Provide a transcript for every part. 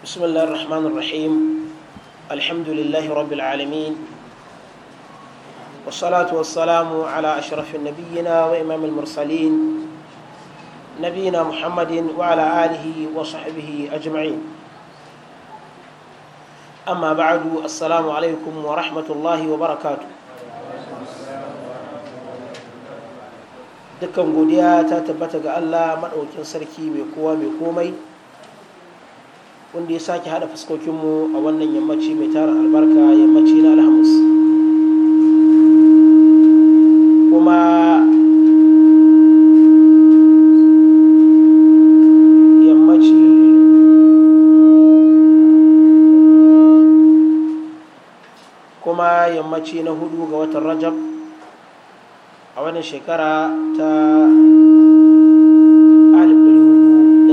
بسم الله الرحمن الرحيم الحمد لله رب العالمين والصلاة والسلام على أشرف نبينا وإمام المرسلين نبينا محمد وعلى آله وصحبه أجمعين أما بعد السلام عليكم ورحمة الله وبركاته دكم قديا تتبتق الله من Allah سركي بقوة بقومي, wanda ya sake hada fuskokinmu a wannan yammaci mai tara albarka yammaci na alhamis kuma yammaci kuma yammaci na hudu ga watan rajab a wannan shekara ta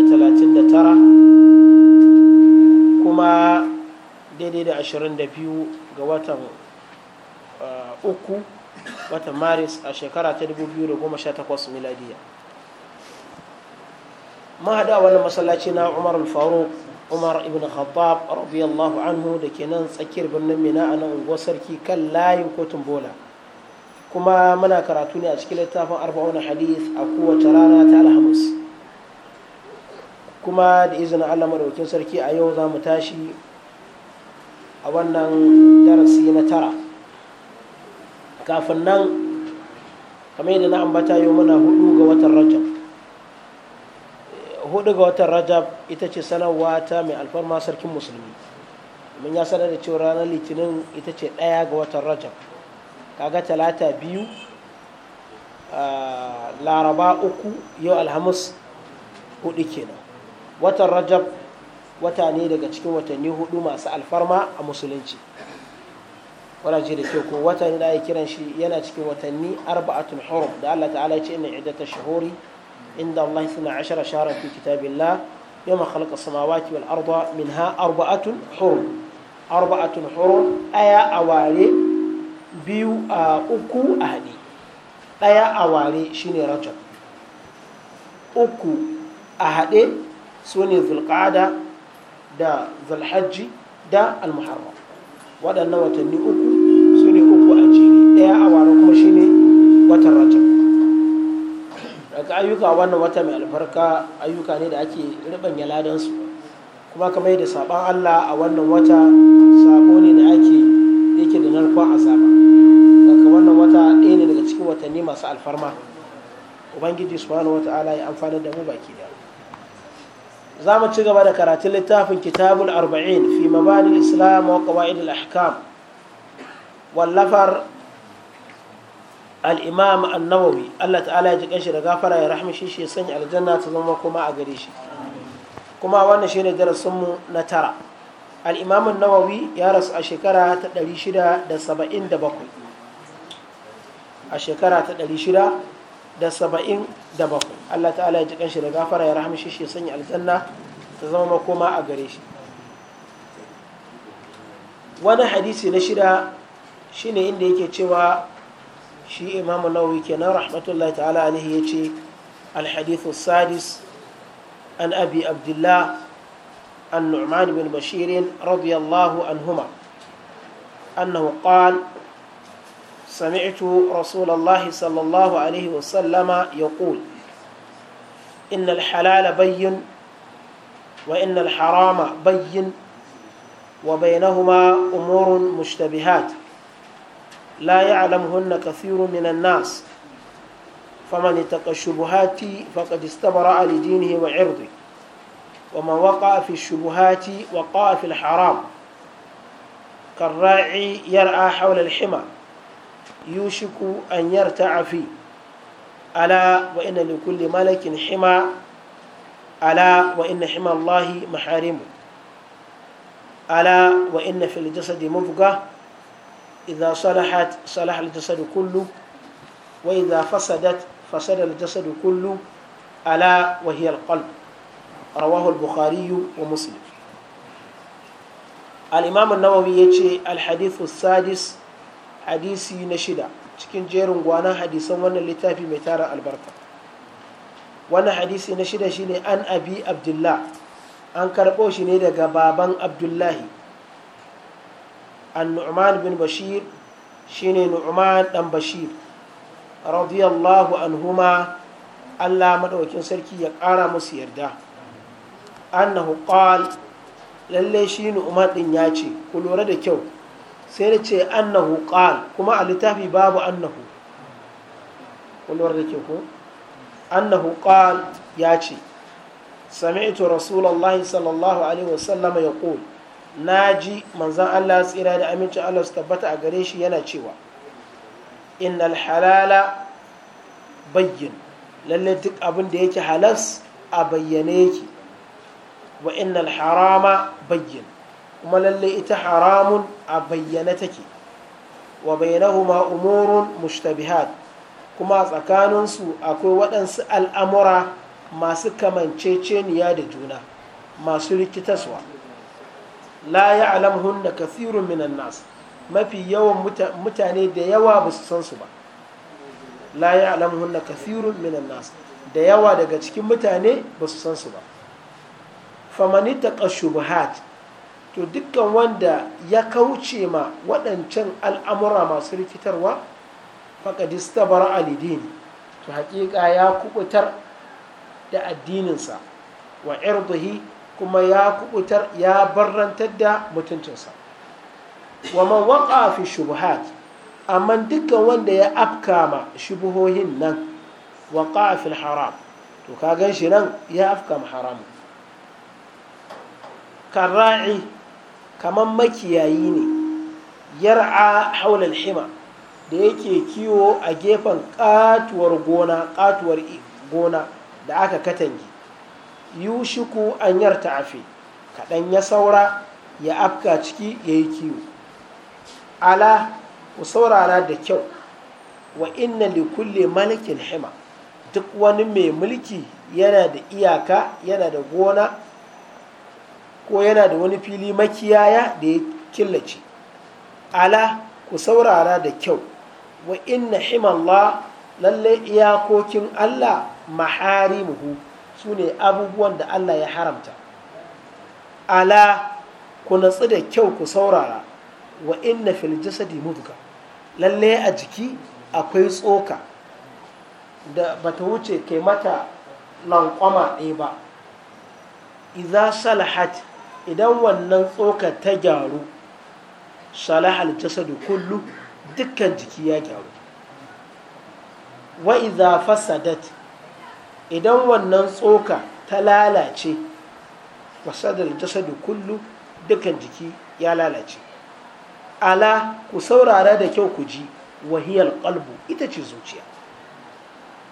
1439 kuma daidai da da biyu ga watan uh, uku watan maris a shekara ta sha 2018 miladiya mahada wannan masallaci na umar al umar ibn khattab radiyallahu anhu da ke nan tsakiyar birnin mina a nan unguwar sarki kan layin kotun bola kuma muna karatu ne a cikin littafin arba'una hadith a kowace rana ta alhamis kuma da izinin allah madaukin sarki a yau za mu tashi a wannan darasi na tara kafin nan kamar yadda na ambata yau muna hudu ga watan rajab hudu ga watan rajab ita ce sanarwa ta mai alfarma sarkin musulmi mun ya sanar da cewa ranar litinin ita ce ɗaya ga watan rajab kaga talata biyu ah, laraba uku yau alhamis hudu kenan watan rajab wata ne daga cikin watanni hudu masu alfarma a musulunci wani da ke ko watan ne da ya kiran shi yana cikin watanni arba'atun hurum da Allah ta'ala ya ce inna iddata shuhuri inda Allah suna ashara shahara fi kitabillah yawma khalaqa samawati wal arda minha arba'atun hurum arba'atun hurum aya a biyu a uku a hadi daya a shine rajab uku a hade su ne zulƙada da zulhajji da almuharram waɗannan watanni uku su ne uku a jini ɗaya a wani kuma shi ne watan rajab daga ayyuka wannan wata mai albarka ayyuka ne da ake riɓanya ladansu kuma kamar yadda saɓon allah a wannan wata saɓo ne da ake yake da narkon azaba daga wannan wata ɗaya ne daga cikin watanni masu alfarma ubangiji subhanahu ala ya amfani da mu baki daya za mu ci gaba da karatun littafin kitabul arba'in fi mabanin islam wa qawaid al-ahkam wallafar al-imam Allah ta'ala ya ji kanshi da gafara ya rahmi shi shi sanya aljanna ta zama kuma a gare shi kuma wannan shine darasin mu na tara al-imam ya rasu a shekara ta 677 a shekara ta 677 da bakwai Allah ta'ala ya ji kanshi da gafara ya rahamshi shi ya sanya aljanna ta zama makoma a gare shi wani hadisi na shida shine inda yake cewa shi imamu nawawi kenan rahmatullahi ta'ala alaihi ya ce alhadithu sadis an abi abdullah an nu'man bin bashirin radiyallahu anhuma annahu qala سمعت رسول الله صلى الله عليه وسلم يقول إن الحلال بين وإن الحرام بين وبينهما أمور مشتبهات لا يعلمهن كثير من الناس فمن اتقى الشبهات فقد استبرأ لدينه وعرضه ومن وقع في الشبهات وقع في الحرام كالراعي يرعى حول الحمى yushiku an yarta'a afi ala wa inna li malakin hima ala wa inna hima Allahi maharimu ala wa inna fil jasadi mubga idza salahat salaha al kullu wa idza fasadat fasadar al jasadu kullu ala wa hiya al qalb wa muslim al imam an-nawawi yace al hadithu sadis hadisi na shida cikin jerin gwanan hadisan wannan littafi mai tara albarka wannan hadisi na shida shine an abi abdullah an karɓo shi ne daga baban abdullahi an-nu'man bin bashir shine nu'man dan bashir radiyallahu anhuma Allah maɗaukin sarki ya ƙara musu yarda annahu qal lalle shi nu'man din ya ce ku lura da kyau sai da ce annahu qal kuma a littafi babu annahu kullum da ke annahu qal ya ce sami'tu rasulullahi sallallahu alaihi wasallam ya qul naji manzon Allah tsira da amincin Allah su tabbata a gare shi yana cewa innal halala bayyin lalle duk abin da yake halas a bayyane yake wa innal harama bayyin kuma lalle ita haramun a bayyana take wa huma umurun mushtabihat kuma tsakaninsu akwai waɗansu al'amura masu kamanceceniya da juna masu rikitaswa la ya da kathirun minan nas mafi yawan mutane da yawa ba su san su ba la ya da kathirun minan nas da yawa daga cikin mutane ba su san su ba famanita ƙashubahat to dukkan wanda ya kauce ma waɗancan al'amura masu rikitarwa faƙadista bar alidini to haƙiƙa ya kubutar da addininsa wa irduhi kuma ya kubutar ya barrantar da mutuncinsa wa man waƙa fi shubuhat amma dukkan wanda ya afka ma shubuhohin nan waƙa haram to ka gan shi nan ya afka ma ka ra'i kamar makiyayi ne yar'a haulal hima da yake kiwo a gefen katuwar gona katuwar gona da aka katange yushiku an yarta afi kaɗan ya saura ya afka ciki ya yi kiwo ala ku saurara da kyau wa inna li kulle malikin hima duk wani mai mulki yana da iyaka yana da gona ko yana da wani fili makiyaya da ya killace ala ku saurara da kyau wa inna himallah lalle iyakokin Allah maharimuhu su ne abubuwan da Allah ya haramta ala ku natsu da kyau ku saurara wa inna fil jasadi mudga lalle a jiki akwai tsoka da bata wuce kai mata lankwama ɗaya ba idza salahati idan wannan tsoka ta gyaru salahal jasadu kullu dukkan jiki ya gyaru wa idza fasadat idan wannan tsoka ta lalace fasadal jasadu kullu dukkan jiki ya lalace ala ku saurara da kyau ku ji wahiyar kalbu ita ce zuciya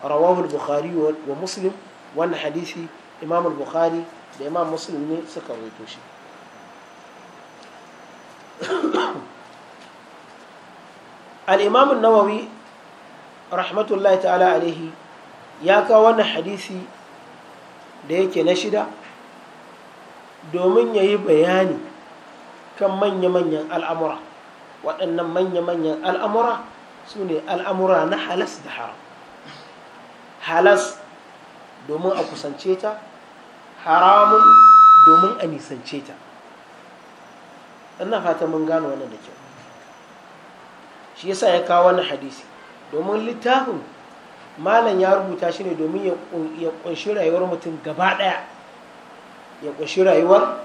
rawahu al-bukhari wa muslim wannan hadisi imam bukhari da imam muslim ne suka rawaito shi al nawawi rahmatullahi ta'ala alaihi ya kawo wannan hadisi da yake na shida domin ya yi bayani kan manya-manyan al'amura waɗannan manya-manyan al'amura su ne al'amura na halas da haram halas domin a kusance ta haramun domin a nisance ta ina fata mun gano wannan da kyau shi yasa ya kawo wani hadisi domin littafin malam ya rubuta shi ne domin ya kunshi rayuwar mutum gaba daya ya kunshi rayuwar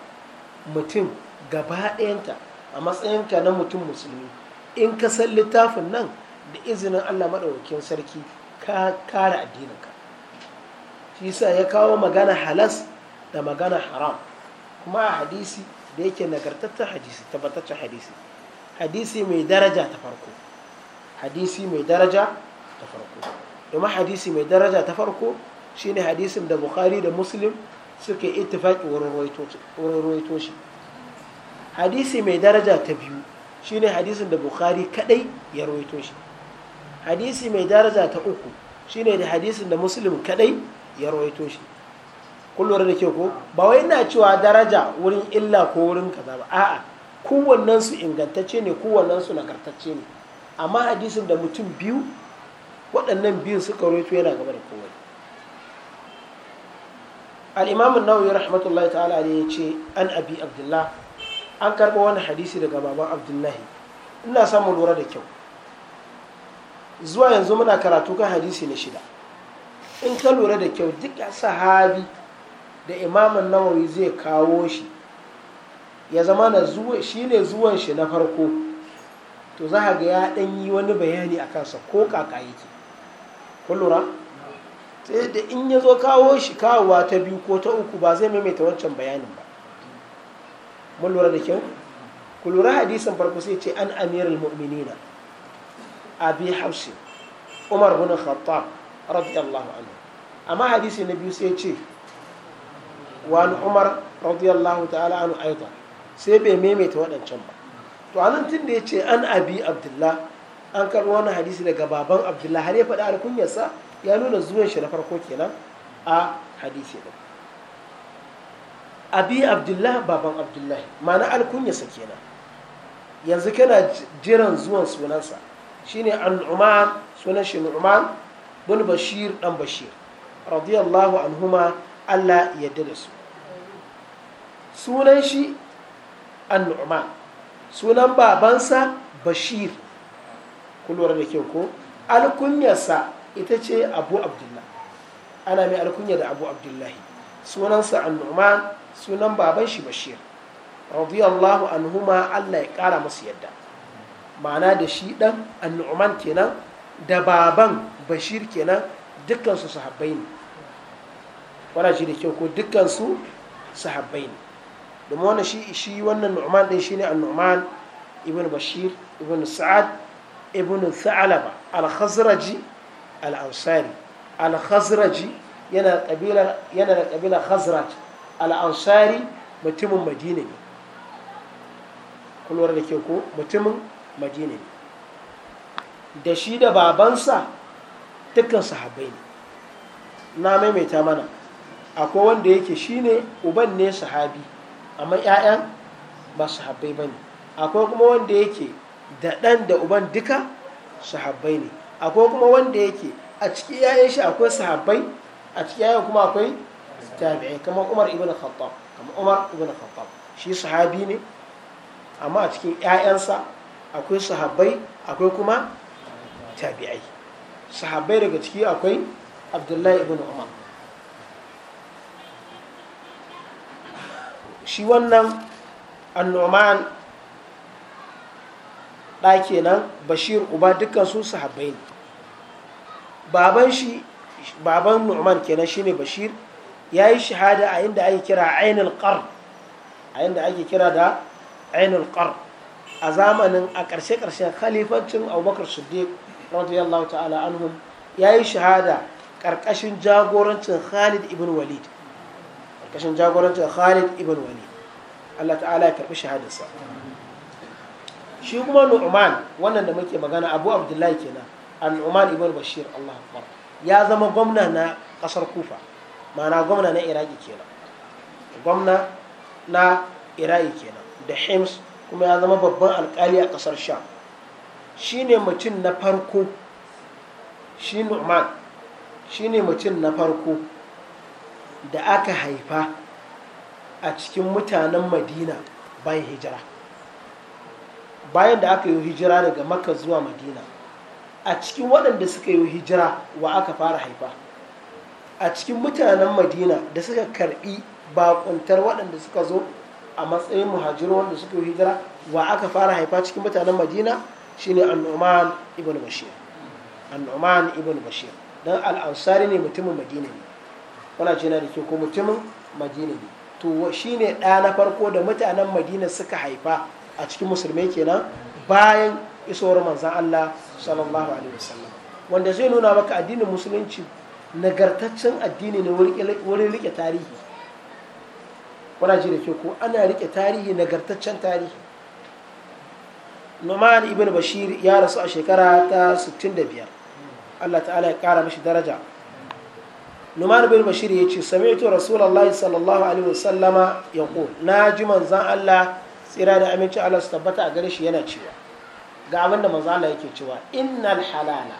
mutum gaba dayanta a matsayinka na mutum musulmi in ka san littafin nan da izinin allah maɗaukakin sarki ka kare addininka shi yasa ya kawo magana halas da magana haram kuma a hadisi da yake nagartattun hadisi tabbataccen hadisi hadisi mai daraja ta farko hadisi mai daraja ta farko domin hadisi mai daraja ta farko shine hadisin da bukhari da muslim suke ittifaki wurin roito shi hadisi mai daraja ta biyu shine hadisin da bukhari kadai ya roito shi hadisi mai daraja ta uku shine da hadisin da muslim kadai ya roito shi lura da ke ko ba wai na cewa daraja wurin illa ko wurin kaza ba a'a kowannen su ingantacce ne kowannen su nagartacce ne amma hadisin da mutum biyu waɗannan biyun suka rawaito yana gaba da kowai al-imam an-nawawi rahmatullahi ta'ala ne ya ce an abi abdullah an karɓo wani hadisi daga baban abdullahi ina samun lura da kyau zuwa yanzu muna karatu kan hadisi na shida in ka lura da kyau duk sahabi da imamun nawawi zai kawo shi ya zama na shi ne zuwan shi na farko to za ga ya ɗan yi wani bayani a kansa ko kaka yake kullura sai da in ya zo kawo shi kawowa ta biyu ko ta uku ba zai maimaita wancan bayanin ba mun lura da kyau kullura hadisin farko sai ce an amirul mu'minina abi hausin umar bin khattab radiyallahu anhu amma hadisi na biyu sai ce wani umar radiyallahu ta'ala an aida sai bai maimaita waɗancan ba to anan tun da ya ce an abi abdullah an karɓi wani hadisi daga baban abdullah har ya faɗi alkunyarsa ya nuna zuwan shi na farko kenan a hadisi ɗin abi abdullah baban abdullahi ma'ana alkunyarsa kenan yanzu kana jiran zuwan sunansa shine an umar sunan shi nu'man bin bashir dan bashir radiyallahu anhuma Allah ya da su sunan shi annu'man sunan babansa bashir lura da kyau ko alkunyarsa ita ce abu abdullah ana mai alkunya da abu abdullahi sunansa annu'man sunan baban shi bashir radiyallahu anhuma Allah ya kara masu yadda ma'ana da shi dan annu'man kenan da baban bashir kenan dukkan su sahabbai ne wana shi da kyau ko dukkansu sahabbai ne domin wannan shi shi wannan nu'man din shine an-nu'man ibn bashir ibn sa'ad ibn tha'laba al-khazraji al-ansari al-khazraji yana kabila yana da kabila khazraj al-ansari mutumin madina ne kulwar da ke ko mutumin madina ne da shi da babansa dukkan sahabbai ne na maimaita mana akwai wanda yake shine uban ne sahabi amma 'ya'yan ba sahabbai ba ne akwai kuma wanda yake da ɗan da uban duka sahabbai ne akwai kuma wanda yake a cikin ƴaƴan shi akwai sahabbai a cikin ƴaƴan kuma akwai tabi'ai kamar umar ibn khattab kamar umar ibn khattab shi sahabi ne amma a cikin 'ya'yansa akwai sahabbai akwai kuma tabi'ai sahabbai daga ciki akwai abdullahi ibn umar shi wannan annoman ɗa kenan bashir uba dukkan su sahabbai ne baban shi baban nu'man kenan shine bashir ya yi shahada a inda ake kira ainul qar a inda ake kira da ainul qar a zamanin a ƙarshe ƙarshe khalifancin abubakar siddiq radiyallahu ta'ala anhum ya yi shahada ƙarƙashin jagorancin khalid ibn walid kashin jagoranta khalid ibn wani. allah ta'ala ya karɓi shahadarsa shi kuma nu'man wannan da muke magana abu abdullahi kenan an nu'man ibn bashir allah akbar ya zama gwamna na ƙasar kufa ma'ana gwamna na iraki kenan gwamna na iraki kenan da hims kuma ya zama babban alkali a ƙasar sham ne mutum na farko shi nu'man shine mutum na farko da aka haifa a cikin mutanen madina bayan hijira bayan da aka yi hijira daga makka zuwa madina a cikin waɗanda suka yi hijira wa aka fara haifa a cikin mutanen madina da suka karbi bakuntar waɗanda suka zo a matsayin muhajiru wanda suka yi hijira wa aka fara haifa cikin mutanen madina shine annuman ibn bashir ibn bashir dan al'ansari ne mutumin madina ne kuna ce na da ke kuma mutumin madina ne to shi ne ɗa na farko da mutanen madina suka haifa a cikin musulmai kenan bayan isowar manzan allah sallallahu alaihi wasallam wanda zai nuna maka addinin musulunci nagartaccen addini ne wurin rike tarihi kuna ji da ke ko ana rike tarihi nagartaccen tarihi numan ibn bashir ya rasu a shekara ta 65 allah ta'ala ya kara mashi daraja numan bin bashir ya ce sami'tu rasulullahi sallallahu alaihi wasallama ya ku na ji manzan allah tsira da aminci allah su tabbata a gare shi yana cewa ga abinda manzan allah yake cewa innal halala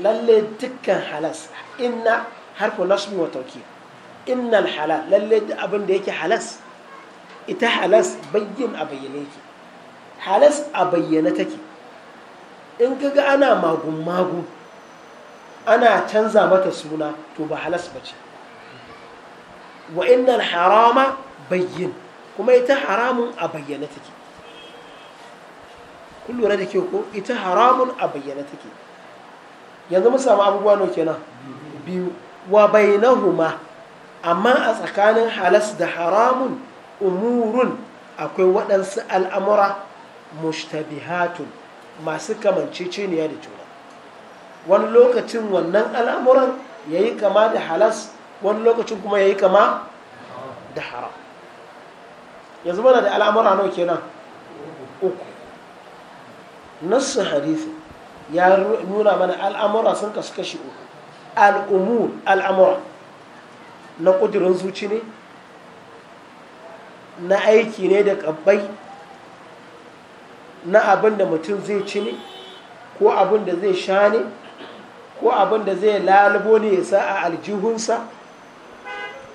lalle dukkan halas inna harfu nasmi wa tawkid innal halal lalle abin yake halas ita halas bayyin a bayyane yake halas a bayyane take in kaga ana magun magun ana canza mata suna to ba halas ba ce wa innal harama bayyin kuma ita haramun a bayyana take kun lura da ke ko ita haramun a bayyana take yanzu mun samu abubuwa nawa kenan biyu wa bainahuma amma a tsakanin halas da haramun umurun akwai waɗansu al'amura mushtabihatun masu kamanceceniya da juna wani lokacin wannan al'amuran ya yi kama da halas wani lokacin kuma ya yi kama da haram yanzu mana da al'amura nau kenan uku nassu hadithi ya nuna mana al'amura sun kasu kashi uku al'umur al'amura na ƙudurin zuci ne na aiki ne da ƙabbai na abin da mutum zai ci ne ko abin da zai sha ne ko abin da zai lalubo ne ya sa a aljihunsa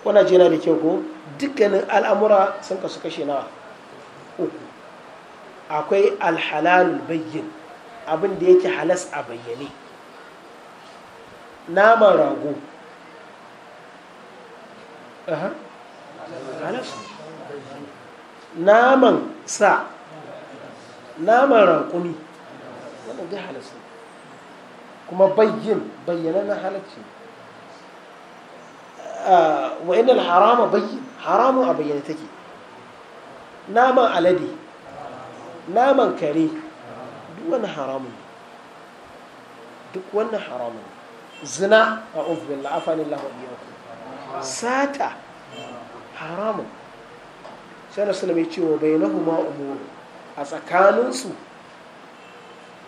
wana jina da kyau ko dukkanin al'amura sun kasu kashe nawa uku akwai alhalal bayyin abin da yake halas a bayyane naman rago naman sa naman raƙumi wannan duk halas kuma bayyin bayyanannen halacci ah, wa inal harama bayyin haramun a bayyane take naman alade naman kare duk wani haramun ne duk wannan haramun ne zina a ofin la'afanin lahadiyaku sata haramun sai na sulame cewa bai na huma umuru a tsakaninsu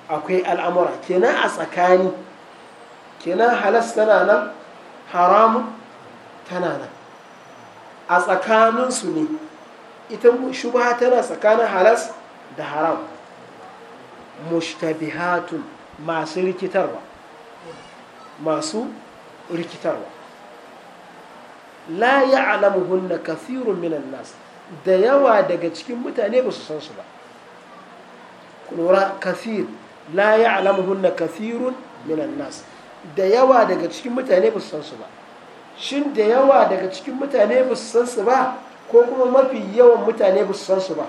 akwai al'amura kenan a tsakani kenan halas tana nan haramun tana nan a tsakaninsu ne ita shubha tana tsakanin halas da haram mushtabihatun masu rikitarwa masu rikitarwa la ya'lamuhunna kathirun minan nas da yawa daga cikin mutane ba su san su ba lura kathir la ya'lamuhunna kafirun minan nas da yawa daga cikin mutane ba su san su ba shin da yawa daga cikin mutane ba su san su ba ko kuma mafi yawan mutane ba su san su ba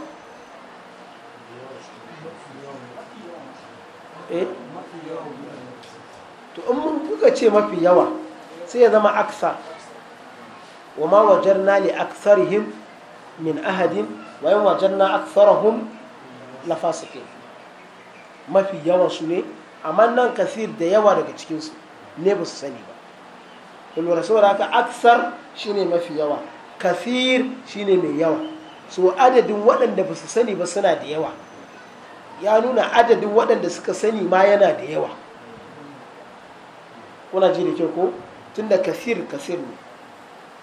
eh? to in mun kuka ce mafi yawa sai ya zama aksa wa ma na li aksarihim min ahadin wa yin wajarna aksarahum la fasiqin mafi yawan su ne amma nan kasir da yawa daga cikinsu ne ba su sani ba sau saboda haka aksar shi ne mafi yawa kasir shi ne mai yawa so adadin waɗanda ba su sani ba suna da yawa ya nuna adadin waɗanda suka sani ma yana da yawa kuna ji da kyau ko tunda kasir kasir ne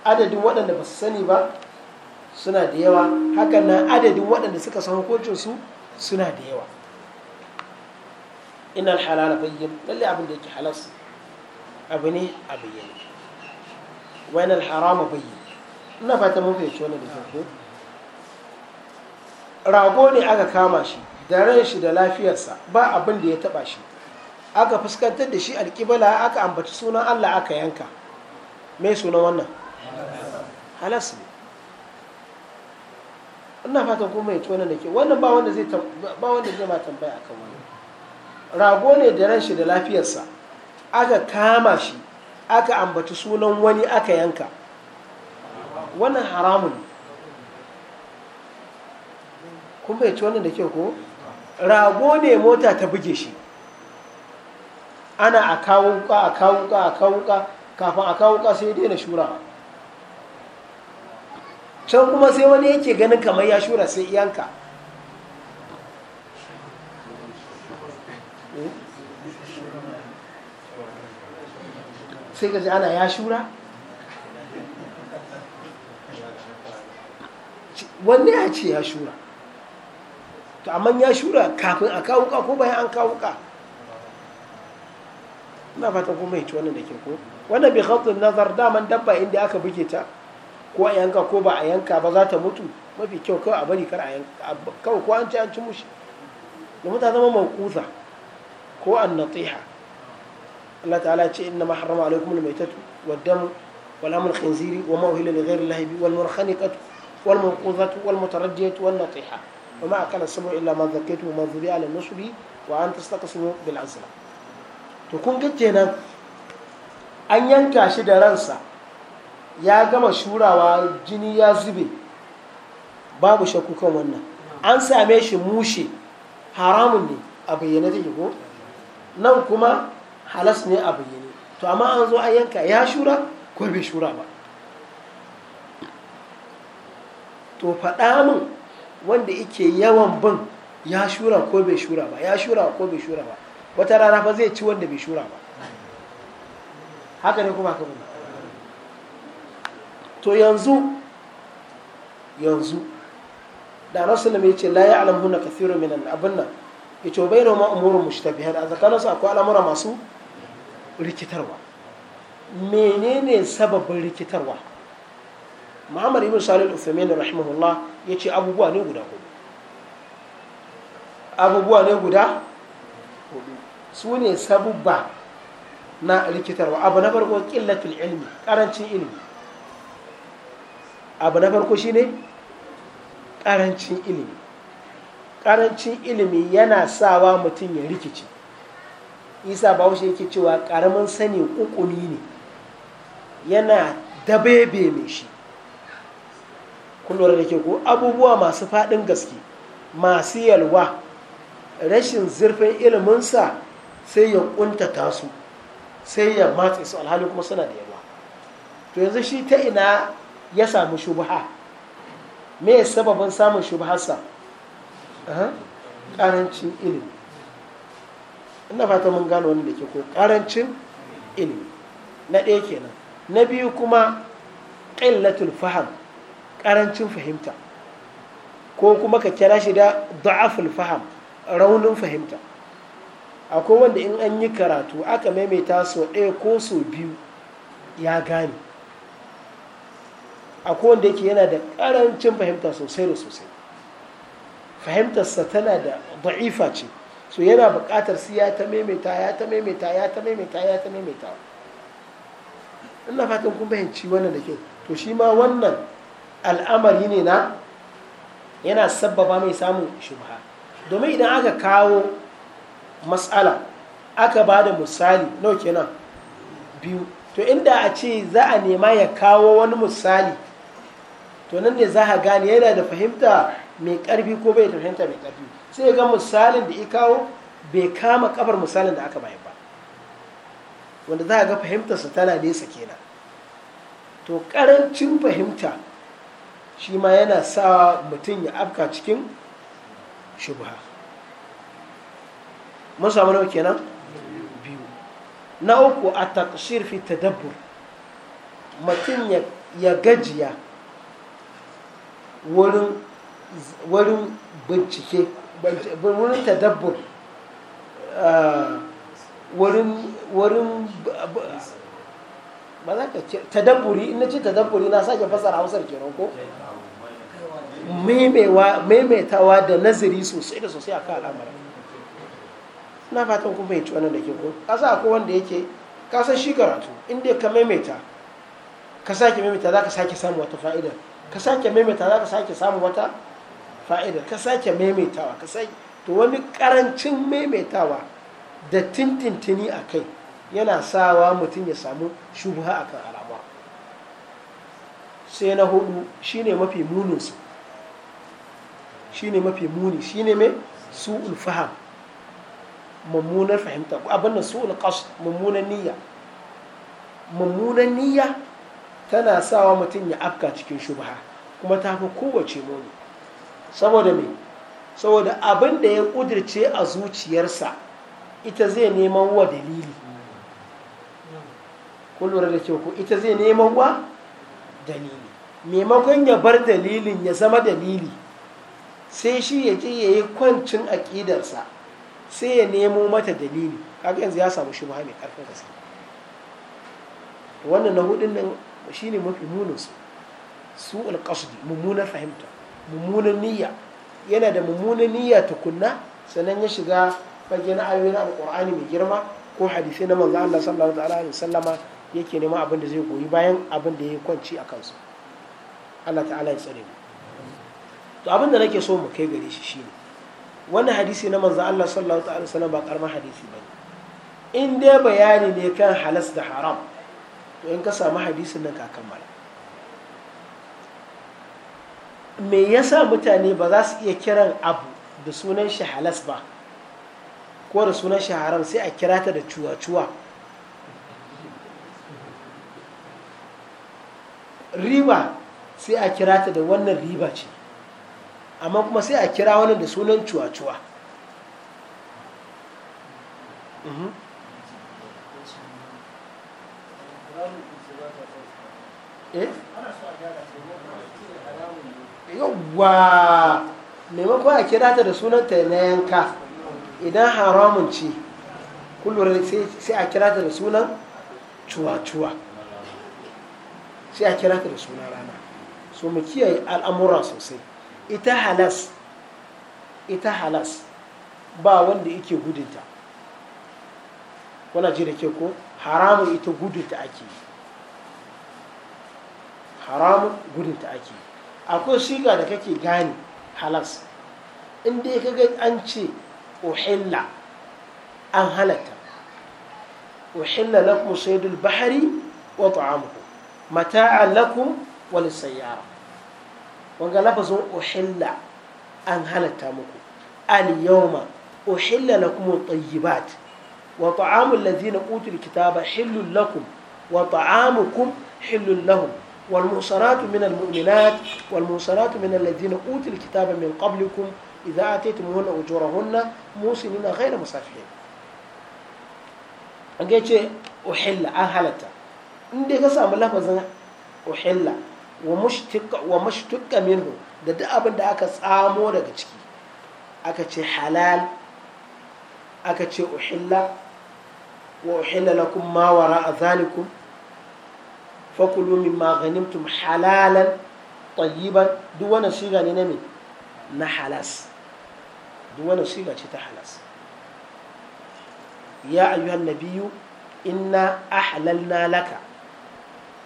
adadin waɗanda ba su sani ba suna da yawa hakan nan adadin waɗanda suka san hukuncinsu suna da yawa ina halala bayyan lalle abin da yake halas abu ne a bayyane wa alharama bayyan ina fata mun fahimci wani da farko rago ne aka kama shi da ran shi da lafiyarsa ba abin da ya taba shi aka fuskantar da shi alkibala aka ambaci sunan Allah aka yanka mai sunan wannan halas ne ina fatan kuma ya ci wannan da ke wannan ba wanda zai ma tambaya kan wani. rago ne da ran shi da lafiyarsa aka kama shi aka ambaci sunan wani aka yanka wannan haramun kun bai wannan da ke ko rago ne mota ta buge shi ana a kawo wuka a kawo wuka a kawo wuka kafin a kawo wuka sai na shura can kuma sai wani yake ganin kamar ya shura sai yanka sai ka ji ana ya shura wanne ya ce ya shura to amma ya shura kafin a kawo ka ko bayan an kawo ka ina fatan ko mai ci wannan da ke ko wannan bai khatun nazar daman dabba inda aka buge ta ko a yanka ko ba a yanka ba za ta mutu mafi kyau kawai a bari kar a yanka kawai ko an ci an ci mushi da ta zama kusa ko an natiha Allah ta'ala ce inna ma harrama alaikum al-maitatu wad-dam wal amr khinziri wa ma uhilla li ghayri Allah bi wal murkhaniqatu wal munqudhatu wal natiha wa ma akala sabu illa ma zakaytu ma dhubi ala nusbi wa an tastaqsimu bil azla to kun an yanka shi da ransa ya gama shurawa jini ya zube babu shakku kan wannan an same shi mushe haramun ne a bayyane take ko nan kuma halas ne a bayyane to amma an zo a yanka ya shura ko bai shura ba to faɗa min wanda yake yawan bin ya shura ko bai shura ba ya shura ko bai shura ba wata rana fa zai ci wanda bai shura ba haka ne kuma kuma to yanzu yanzu da rasulun ya ce la ya alamu na kafiru minan abin nan ito bai roma umuru mushtabihan a su akwai al'amura masu rikitarwa menene sababin rikitarwa muhammad ibn salih al-uthamin rahimahullah ya ce abubuwa ne guda hudu abubuwa ne guda hudu su ne sabubba na rikitarwa abu na farko qillatul ilmi ƙarancin ilmi abu na farko shine ƙarancin ilimi karancin ilimi yana sawa mutum ya rikici isa bahaushe yake cewa karamin sani kukuli ne yana dabebe mai shi kullum da ke ko abubuwa masu faɗin gaske masu yalwa rashin zurfin iliminsa sai ya ƙuntata su sai ya matse su alhali kuma suna da yalwa to yanzu shi ta ina ya samu shubaha? me sababin samun shubharsa ƙarancin ilimi ina fata mun gano wani da ke ko karancin ilimi na ɗaya kenan na biyu kuma ƙillatul faham karancin fahimta ko kuma ka kira shi da da'aful faham raunin fahimta akwai wanda in an yi karatu aka maimaita so ɗaya ko so biyu ya gane akwai wanda yake yana da ƙarancin fahimta sosai da sosai fahimtarsa tana da da'ifa ce so yana buƙatar su ya ta maimaita ya ta maimaita ya ta maimaita ya ta maimaita ina fatan kun fahimci wannan da ke. to shi ma wannan al'amari ne na yana sabbaba mai samun shubha domin idan aka kawo matsala aka ba da misali nau kenan biyu to inda a ce za a nema ya kawo wani misali to nan ne za a gane yana da fahimta mai ƙarfi ko bai da fahimta mai ƙarfi sai ga misalin da ya kawo bai kama kafar misalin da aka bayan ba wanda za a ga fahimtarsa tana nesa kenan to karancin fahimta shi ma yana sa mutum ya afka cikin shubha mun samu nawa kenan biyu na uku a taƙasir fi tadabbur mutum ya gajiya wurin bincike wurin tadabbur ah, wurin ba za ka ce tadabburi in na ce tadabburi na sake fasara hausar kenan ko maimaitawa da nazari sosai da sosai a kan al'amara na fatan kun fahimci wannan da ke ko kasa ko wanda yake kasan shi karatu inda ka maimaita ka sake maimaita za ka sake samu wata fa'ida ka sake maimaita za ka sake samu wata fa'ida ka sake maimaitawa ka sai to wani karancin maimaitawa da tintintini a kai yana sawa mutum ya samu shubha akan alama sai na hudu shine mafi munin su shine mafi muni shine mai su'ul faham mummunar fahimta abin da su'ul qasd mummunan niyya mummunan niyya tana sawa mutum ya afka cikin shubha kuma ta fi kowace muni saboda mai saboda abin da ya kudirce a zuciyarsa ita zai neman wa dalili kun lura da kyau ko ita zai neman wa dalili maimakon ya bar dalilin ya zama dalili sai shi ya je ya yi kwancin aƙidarsa sai ya nemo mata dalili kaga yanzu ya samu shubha mai ƙarfin gaske wannan na hudun nan shine mafi munin su su alƙasdi mummunar fahimta mummunan niyya yana da mummunan niyya tukunna sannan ya shiga fage na ayoyi na alƙur'ani mai girma ko hadisai na manzo Allah sallallahu alaihi wasallama yake neman abin da zai goyi bayan abin da ya kwanci a kansu Allah ta'ala ya tsare mu to abin da nake so mu kai gare shi shine wannan hadisi na manzo Allah sallallahu alaihi wasallam ba karamar hadisi bane in dai bayani ne kan halas da haram to in ka samu hadisin nan ka kammala me yasa mutane ba za su iya kiran abu da sunan shi halas ba ko da sunan shi haram sai a kira ta da cuwa-cuwa riba sai a kira ta da wannan riba ce amma kuma sai a kira wani da sunan cuwa-cuwa mhm. eh yawwa maimakon a kira ta da sunanta na yanka idan haramun ce kullum sai a kira ta da sunan cuwa-cuwa sai a kira ta da sunan rana so mu kiyaye al'amura sosai ita halas ita halas ba wanda yake gudunta wana ji da ke ko haramun ita gudunta ake haramun gudunta ake akwai shiga da kake gane halas inda dai ka an ce uhilla an halatta uhilla lakum saydul bahari wa ta'amuhu mata'a lakum wa lisayyara wanga lafazin uhilla an halatta muku al yawma uhilla lakum at-tayyibat wa ta'amul ladzina utul kitaba hillul lakum wa ta'amukum hillul lahum والمؤسرات من المؤمنات والمؤسرات من الذين أوتوا الكتاب من قبلكم إذا آتيتموهن أجورهن موسنين غير مسافحين an ga ce uhilla an halatta in dai ka samu lafazin uhilla wa mashtuka da duk abin da aka tsamo daga ciki aka ce halal aka ce uhilla wa uhilla lakum ma wara a zalikum fakulu ma ganimtum halalan tayyiban duk wannan siga ne na me na halas duk wannan siga ce ta halas ya ayyuhan nabiyyu inna ahlalna laka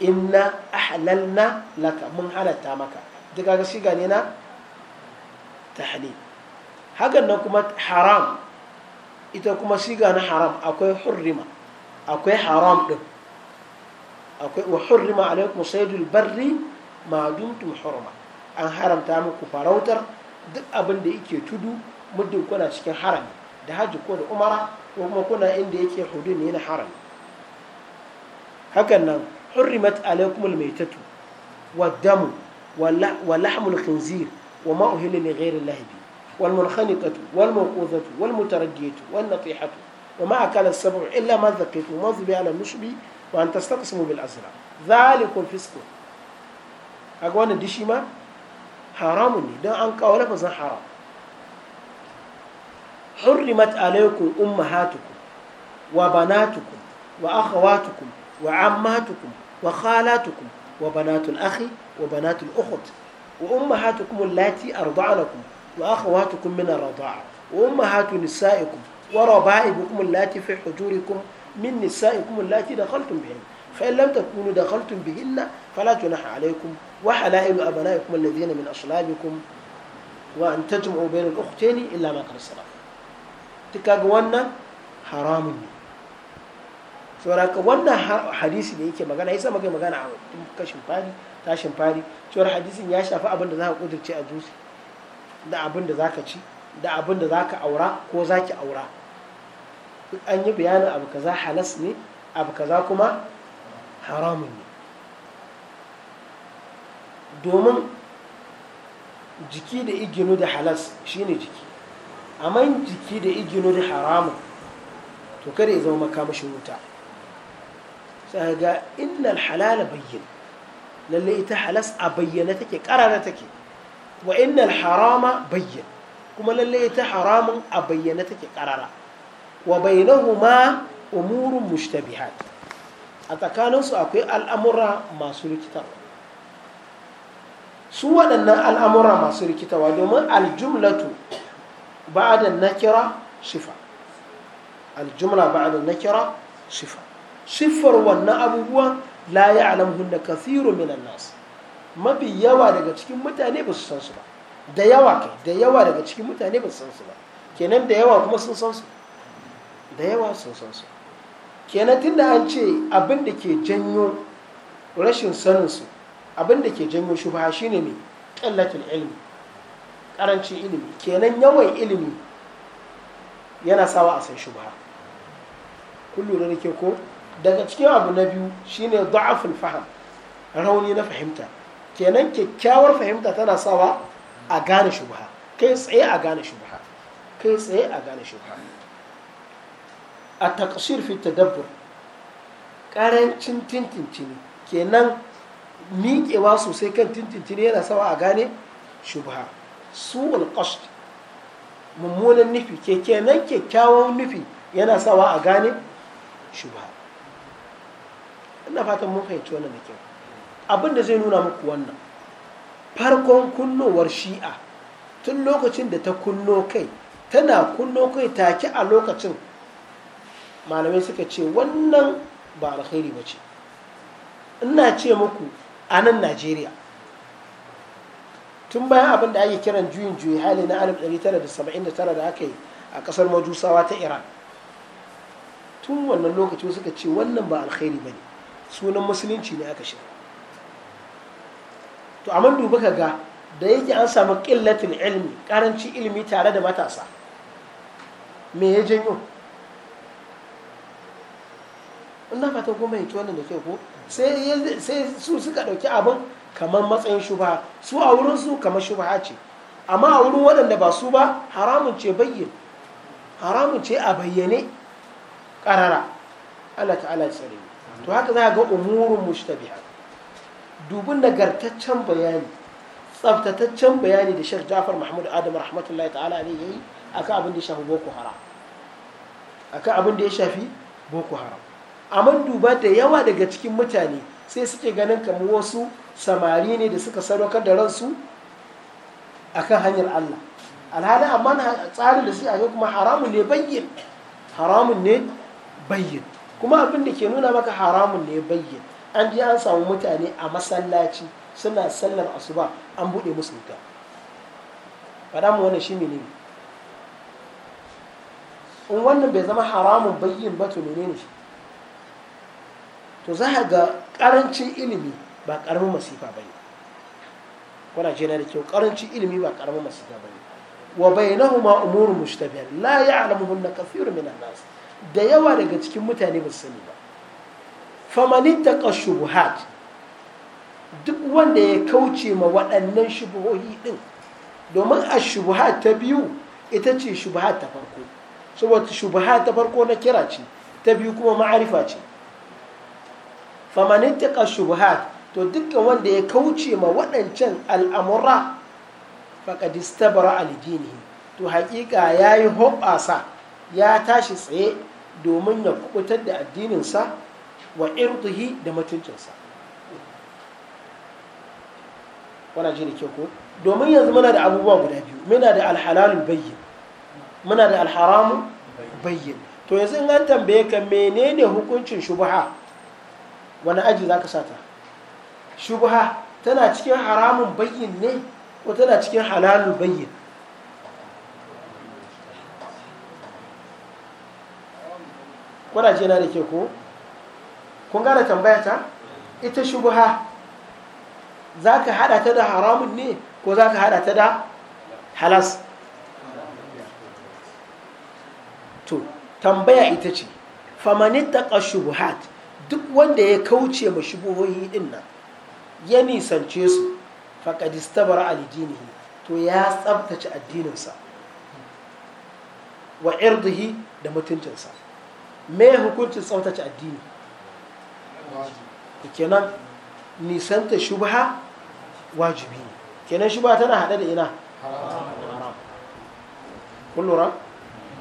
inna ahlalna laka mun halatta maka duk kaga siga ne na tahlil hakan nan kuma haram ita kuma siga na haram akwai hurrima akwai haram din akwai wa hurrima alaikum saydul barri ma dumtum hurma an haramta muku farautar duk abin da yake tudu muddin kuna cikin harami da hajji ko da umara ko kuma kuna inda yake hudu ne na harami hakan nan hurrimat alaikum almaytatu والدم ولحم الخنزير وما أهل لغير الله به والمنخنقة والموقوذة والمتردية والنطيحة وما أكل السبع إلا ما ذقيتم وما ذبي على النصب وأن تستقسموا بالأزلام ذلكم الفسق أقول أن دي ما حرام أن فزن حرام حرمت عليكم أمهاتكم وبناتكم وأخواتكم وعماتكم وخالاتكم وبنات الأخ وبنات الأخت وأمهاتكم اللاتي أرضعنكم وأخواتكم من الرضاعة وأمهات نسائكم وربائبكم اللاتي في حجوركم min nisa'ikum allati dakhaltum bihin fa in lam takunu dakhaltum bihinna fala junaha alaykum wa halailu abnaikum alladhina min aslabikum wa an tajma'u bayna al-ukhtayn illa ma qad salafa tukaga wannan haramun ne sauraka wannan hadisi da yake magana yasa muka magana a kashin fari tashin fari cewar hadisin ya shafi abinda zaka za ka a zuci da abin da ci da abinda zaka aura ko zaki aura an yi bayanin abu kaza halas ne abu kaza kuma haramun ne domin jiki da igino da halas shine jiki amma jiki da igino da haramun to kada ya zama makamashin wuta sai ga innal halala bayyana lalle ita halas a bayyana take karara take wa innal harama bayyana kuma lalle ita haramun a bayyana take karara wa bainahuma umurun mushtabihat a tsakaninsu akwai al'amura masu rikitarwa su waɗannan al'amura masu rikitarwa domin aljumlatu ba da nakira sifa aljumla ba da nakira sifa siffar wannan abubuwa la ya alamhun da kathiru minan nasu mafi yawa daga cikin mutane ba su san su ba da yawa kai da yawa daga cikin mutane ba su san su ba kenan da yawa kuma sun san su da yawa sun san su kenan tunda an ce abin da ke janyo rashin saninsu abin da ke janyo shubha shine mai ƙallatin ilmi ƙarancin ilimi kenan yawan ilimi yana sawa a san shubha kun lura da ke ko daga cikin abu na biyu shine za'afin faham rauni na fahimta kenan kyakkyawar fahimta tana sawa a gane shubha kai tsaye a gane shubha kai tsaye a gane shubha a taƙasir fi tadabbur ƙarancin tintinci ke nan miƙewa sosai kan tintinci yana sawa a gane shubha suwal qasd mummunan nufi ke kenan kyakkyawan nufi yana sawa a gane shubha ina fatan mun fahimci wannan da kyau abinda zai nuna muku wannan farkon kunnowar shi'a tun lokacin da ta kunno kai tana kunno kai take a lokacin malamai suka ce wannan ba alkhairi ba ce ina ce muku a nan najeriya tun bayan abin da ake kiran juyin juyi hali na 1979 da aka yi a kasar majusawa ta iran tun wannan lokaci suka ce wannan ba alkhairi ba ne sunan musulunci ne aka shirya to amma duba ka ga da yake an samu ƙillatin ilmi ƙaranci ilmi tare da matasa me ya janyo ina fata ko mai wannan da ke ko sai su suka dauki abin kamar matsayin shubha su a wurin su kamar shubha ce amma a wurin waɗanda ba su ba haramun ce bayyin haramun ce a bayyane ƙarara Allah ta'ala ya tsare to haka za ga umurun mushtabiha dubin nagartaccen bayani tsaftataccen bayani da Sheikh Jafar Mahmud Adam rahmatullahi ta'ala ne yayi akan abin da ya shafi Boko Haram akan abin da ya shafi Boko Haram amma duba da yawa daga cikin mutane sai suke ganin kamar wasu samari ne da suka sadaukar da ransu akan hanyar Allah alhali amma tsarin da su a kuma haramun ne bayyin haramun ne bayyin kuma abin da ke nuna maka haramun ne bayyin an je an samu mutane a masallaci suna sallar asuba an buɗe musu wuta faɗa mu wannan shi ne in wannan bai zama haramun bayyin ba to menene shi to za ka ga ƙarancin ilimi ba ƙaramin masifa ba ne kuna jina da kyau ƙarancin ilimi ba ƙaramin masifa ba ne wa bainahuma umurun mushtabihat la ya'lamuhunna na min nas da yawa daga cikin mutane ba su sani ba famanin ittaqa shubuhat duk wanda ya kauce ma waɗannan shubuhohi ɗin domin a shubuhat ta biyu ita ce shubuhat ta farko saboda shubuhat ta farko na kira ce ta biyu kuma ma'arifa ce Famanin famanitika shubuhat to dukkan wanda ya kauce ma waɗancan al'amura faƙadistabara alidini to haƙiƙa ya yi hoɓasa ya tashi tsaye domin ya kubutar da addininsa wa irtuhi da mutuncinsa wana ji da ke ko domin yanzu muna da abubuwa guda biyu muna da alhalalun bayyin muna da alharamun bayyin to yanzu in an tambaye ka menene hukuncin shubuha wani aji za ka sa ta shubha tana cikin haramun bayyin ne ko tana cikin halalun bayyin kuna na da ke ko kun gane tambayata ita shubha za ka hada ta da haramun ne ko za ka hada ta da halas to tambaya ita ce famanittaka shubuhat duk wanda ya kauce ma shubuhohi din nan ya nisance su faqad istabara to ya tsabtace addininsa wa irdihi da mutuncinsa me hukuncin tsabtace addini kenan nisanta shubha wajibi ne kenan shubha tana da ina kun lura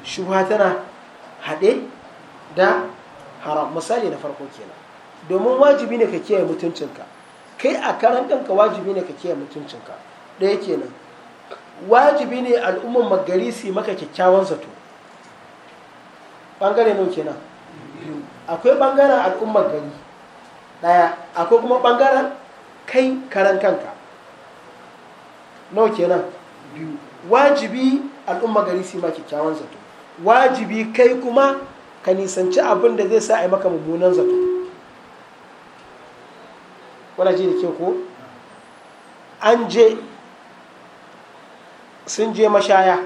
shubha tana haɗe da haram misali na farko kenan domin wajibi ne ka kiyaye mutuncinka kai a karan ɗanka wajibi ne ka kiyaye mutuncinka ɗaya kenan wajibi ne al'umman magari su maka kyakkyawan zato ɓangare nau kenan akwai ɓangaren al'umman gari ɗaya akwai kuma ɓangaren kai karan kanka nau kenan biyu wajibi al'umma gari su maka kyakkyawan zato wajibi kai kuma ka nisanci abin da zai sa a yi maka mummunan zato wana ji da ke ko an je sun je mashaya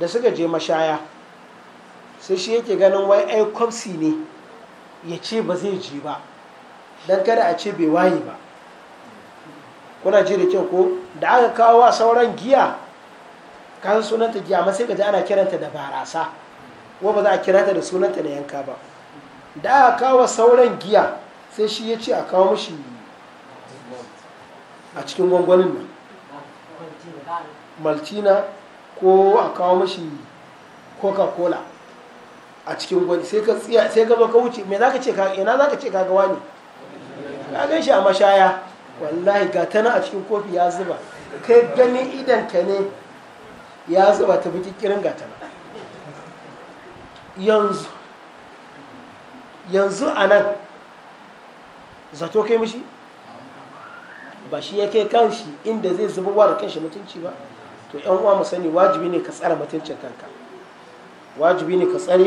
da suka je mashaya sai shi yake ganin wai ai kwamsi ne ya ce ba zai je ba don kada a ce bai waye ba kuna ji da kyau ko da aka kawo wa sauran giya kasu sunanta giya amma sai ka ji ana kiranta da barasa wa ba za a kira ta da sunanta na yanka ba da a kawo sauran giya sai shi ya ce a kawo mashi a cikin gwangwanin nan maltina ko a kawo mashi coca-cola a cikin gwani sai ka wuce sai ka ka wuce me za ce ka ce ka gawa ne ka gan shi a mashaya wallahi ga ta a cikin kofi ya zuba kai ganin idan ka ne ya zuba ta bukikirin gatana. yanzu yanzu a nan zato kai mishi ba shi ya kai kanshi inda zai zuba wa da kanshi mutunci ba to yan uwa mu sani wajibi ne ka tsara mutuncin kanka wajibi ne ka tsare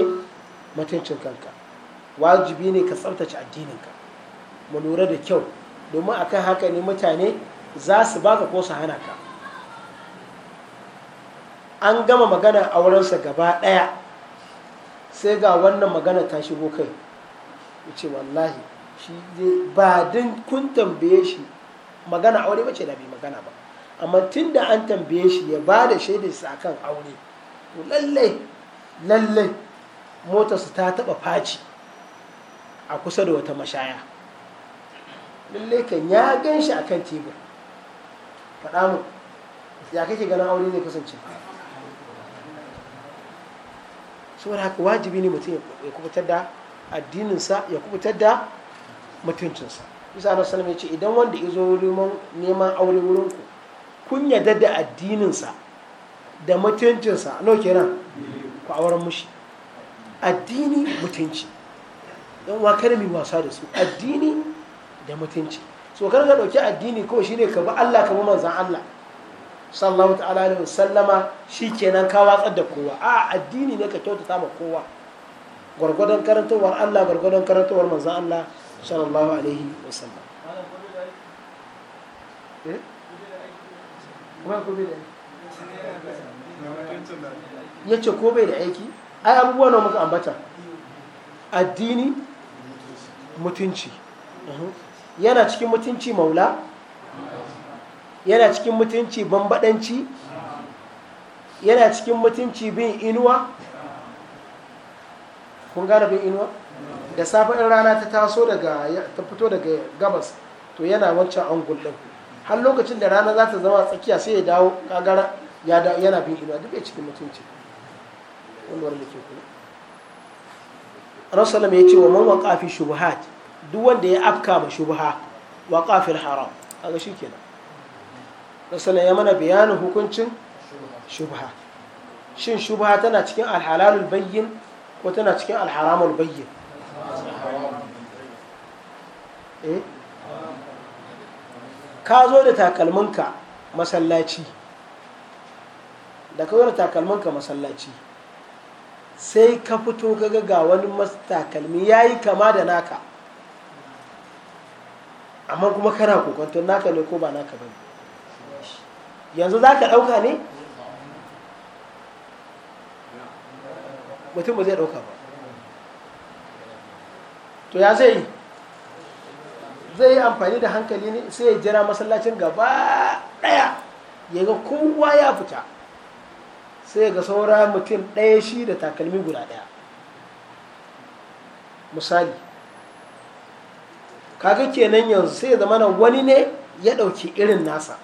mutuncin kanka wajibi ne ka tsabtace addininka mu lura da kyau domin a kan haka ne mutane za su baka ko su hana ka an gama magana aurensa gaba ɗaya sai ga wannan magana ta shigo kai ya ce wallahi shi ba din kun tambaye shi magana aure ba ce da bai magana ba amma tun da an tambaye shi ya ba da su a kan aure to lallai lallai motarsa ta taɓa faci a kusa da wata mashaya lallai kan ya gan shi a kan tebur faɗa mu ya kake ganin aure zai kasance saboda haka wajibi ne mutum ya kubutar da addininsa ya kubutar da mutuncinsa isa na salama ya ce idan wanda ya zo neman aure wurinku kun yadda da addininsa da mutuncinsa no kenan ku auren mushi addini mutunci yan wa kada wasa da su addini da mutunci so ka dauki addini ko shine ka bi Allah ka bi manzon Allah sallallahu ta'ala alaihi wasallama shikenan ka watsar da kowa a addini ne ka kyautata ma kowa gwargwadon karantowar Allah gwargwadon karantowar manzon Allah sallallahu alaihi wasallam eh? ya ce ko bai da aiki ai abubuwa na muka ambata addini mutunci yana cikin mutunci maula yana cikin mutunci bambadanci yana cikin mutunci bin inuwa kun gane bin inuwa da safe in rana ta taso daga ta fito daga gabas to yana wancan angul din har lokacin da rana za ta zama tsakiya sai ya dawo kagara yana bin inuwa duk ya cikin mutunci wanda da ke kula rasulullah ya ce wa man waqafi shubuhat duk wanda ya afka ma shubha waqafil haram kaga shikenan nasalan ya mana bayanin hukuncin shubha shin shubha tana cikin alhalalul bayyin ko tana cikin alharamul bayyin eh? ka zo da takalminka masallaci da ka zo da takalminka masallaci sai ka fito ka ga wani takalmi ya yi kama da naka amma kuma kana kokonton naka ne ko ba naka ba ne yanzu za ka ɗauka ne mutum ba zai ɗauka ba to ya zai yi zai yi amfani da hankali ne sai ya jira masallacin gaba ɗaya ya ga kowa ya fita sai ga saura mutum ɗaya shi da takalmi guda ɗaya misali kaga kenan yanzu sai ya zama wani ne ya ɗauki irin nasa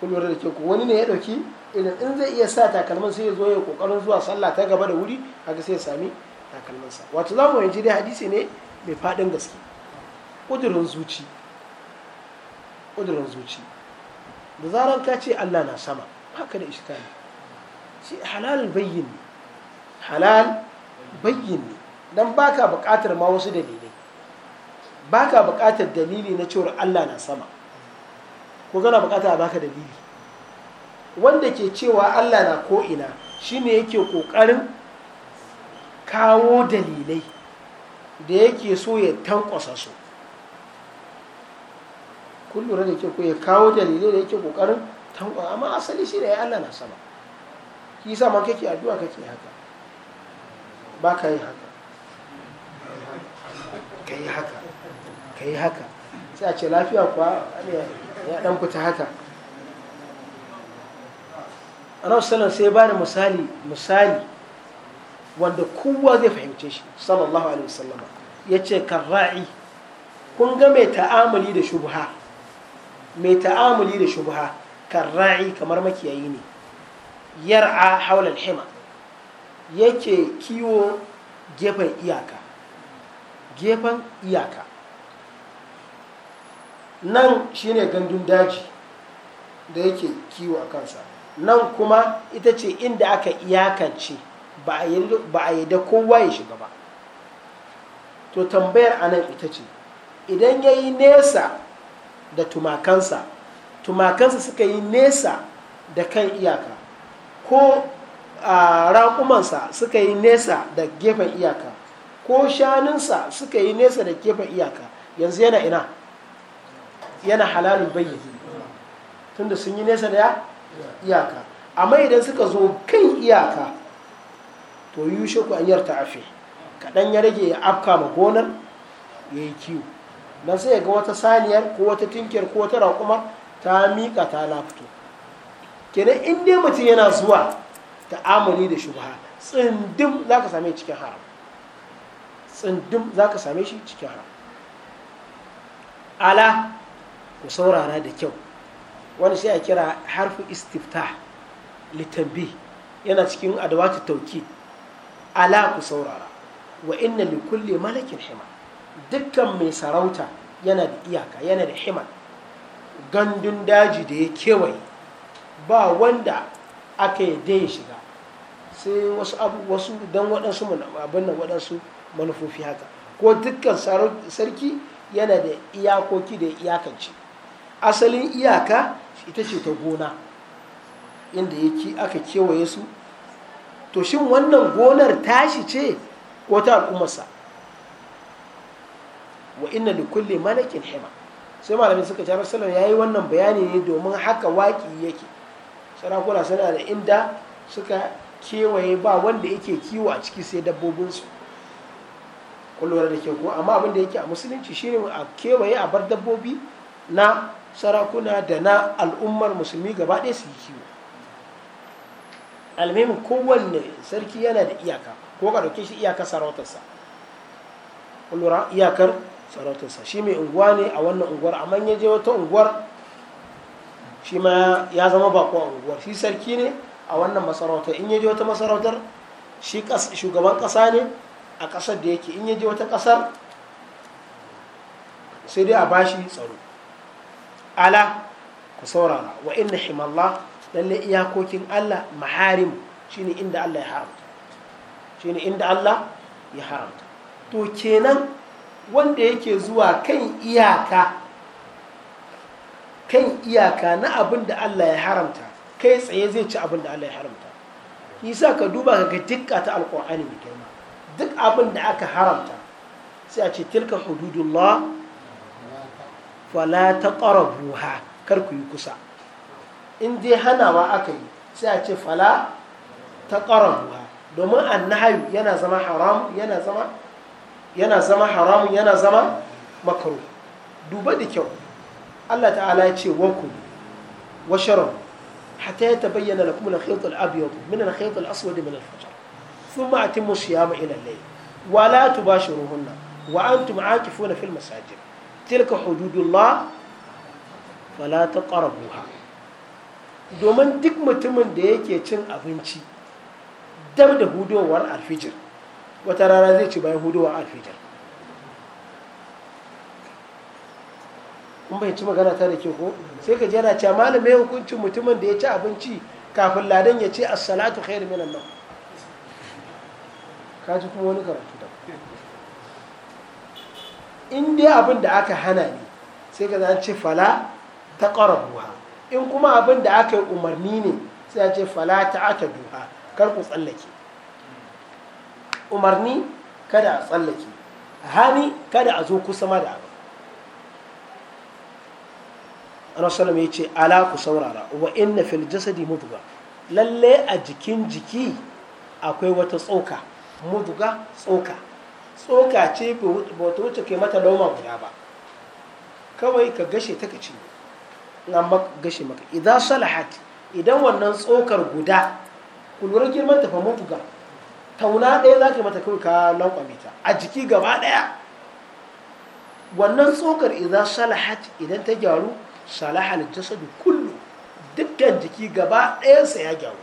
kulwar da ke ku wani ne ya ɗauki idan in zai iya sa takalman sai ya zo ya kokarin zuwa sallah ta gaba da wuri haka sai ya sami sa wato za mu yanci dai hadisi ne mai faɗin gaske ƙudurin zuci ƙudurin zuci da zaran ka ce Allah na sama haka da iskali shi halal bayyin ne halal bayyin ne dan baka buƙatar ma wasu dalilai baka buƙatar dalili na cewar Allah na sama ko kana bukata a baka dalili wanda ke cewa Allah na ko'ina shine yake kokarin kawo dalilai da yake so ya tankwasa su kun lura da ke ko ya kawo dalilai da yake kokarin tankwasa amma asali shi ne ya Allah na sama shi sama ma kake addu'a kake haka ba ka yi haka ka yi haka ka yi haka sai a ce lafiya kuwa ya dan kuta haka annabi sallallahu sai ba da misali wanda kowa zai fahimce shi sallallahu alaihi wasallam yace karra'i kun ga mai ta'amuli da shubha mai ta'amuli da shubha karra'i kamar makiyayi ne yar'a haulal hima yake kiwo gefen iyaka gefen iyaka nan shine gandun daji da yake kiwo a kansa nan kuma ita ce inda aka iyakance ba a yi da kowa ya shiga ba to tambayar a nan ita ce idan ya yi nesa da tumakansa tumakansa suka yi nesa da kan iyaka ko a raƙumansa suka yi nesa da gefen iyaka ko shanunsa suka yi nesa da gefen iyaka yanzu yana ina yana halalin bayyana tunda sun yi nesa da iyaka amma idan suka zo kan iyaka to yi yushe ku an ta afi kaɗan ya rage ya afka ma gonar ya yi kiwo don sai ga wata saniyar ko wata tinkiyar ko wata raƙumar ta miƙa ta lafito kenan in dai mutum yana zuwa ta'amali da shubha tsindim za ka same cikin haram tsindim za ka same shi cikin haram ala ku saurara da kyau wani sai a kira harfi istifta litabi yana cikin adawatu tauki ala ku saurara wa inna li kulli malakin hima dukkan mai sarauta yana da iyaka yana da hima gandun daji da ya kewaye ba wanda aka yadda ya shiga sai wasu abu wasu don waɗansu abin nan waɗansu manufofi haka ko dukkan sarki yana da iyakoki da iyakance asalin iyaka ita ce ta gona inda yake aka kewaye su to shin wannan gonar tashi ce ko ta al'ummarsa wa inna da kulle malakin hima sai malamin suka ci rasulun ya yi wannan bayani ne domin haka waƙi yake sarakuna suna da inda suka kewaye ba wanda yake kiwo a ciki sai dabbobinsu kullum da ke ko amma abin da yake a musulunci shine a kewaye a bar dabbobi na sarakuna da na al'ummar musulmi gaba ɗaya su yi kiwo almimin kowanne sarki yana da iyaka ko ka ɗauke shi iyakar sarautarsa lura iyakar sarautarsa shi mai unguwa ne a wannan unguwar amma ya je wata unguwar shi ma ya zama bako a unguwar shi sarki ne a wannan masarautar in ya je wata masarautar shi shugaban ƙasa ne a ƙasar da yake in ya je wata ƙasar sai dai a bashi tsaro ala ku saurara wa inna himallah lalle iyakokin Allah maharim shine inda Allah ya haramta shine inda Allah ya haramta to kenan wanda yake zuwa kan iyaka kan iyaka na abin da Allah ya haramta kai tsaye zai ci abin da Allah ya haramta nisa ka duba ka ga dukka ta alkur'ani mai girma duk abin da aka haramta sai a ce tilka hududullah fala ta buha kar ku yi kusa in dai hanawa aka yi sai a ce fala ta buha domin annahayu yana zama haram yana zama yana zama haram yana zama makaru duba da kyau Allah ta'ala ya ce waku wa sharam hatta ya tabayyana lakum al-khayt al-abyad min al-khayt al-aswad min al-fajr thumma atimmu siyama ila al-layl wa la tubashiruhunna wa antum aakifuna fil masajid tilka hududullah fala taqrabuha domin duk mutumin da yake cin abinci dab da hudowar alfijir wata rana zai ci bayan hudowar alfijir in bai ci magana ta da ke ko sai ka jera ce malamai hukuncin mutumin da ya ci abinci kafin ladan ya ce assalatu khairu minan nan ka ji kuma wani karatu da in dai abin da aka hana ne sai ka zan ce fala ta ƙarabuwa in kuma abin da aka yi umarni ne sai a ce fala ta ata duha kar ku tsallake umarni kada a tsallake hani kada a zo kusa ma da abu anasalam ya ce ala ku saurara wa in na fil jasadi mutuwa lalle a jikin jiki akwai wata tsoka mutuwa tsoka tsoka ce ba ta wuce kai mata lauma guda ba kawai ka gashe ta kaci na gashe maka idan salahat idan wannan tsokar guda kulwar girman ta mutu buga tauna ɗaya za ka mata kawai ka lankwame ta a jiki gaba ɗaya wannan tsokar idan salahat idan ta gyaru salahal jasadu kullu dukkan jiki gaba ɗayansa ya gyaru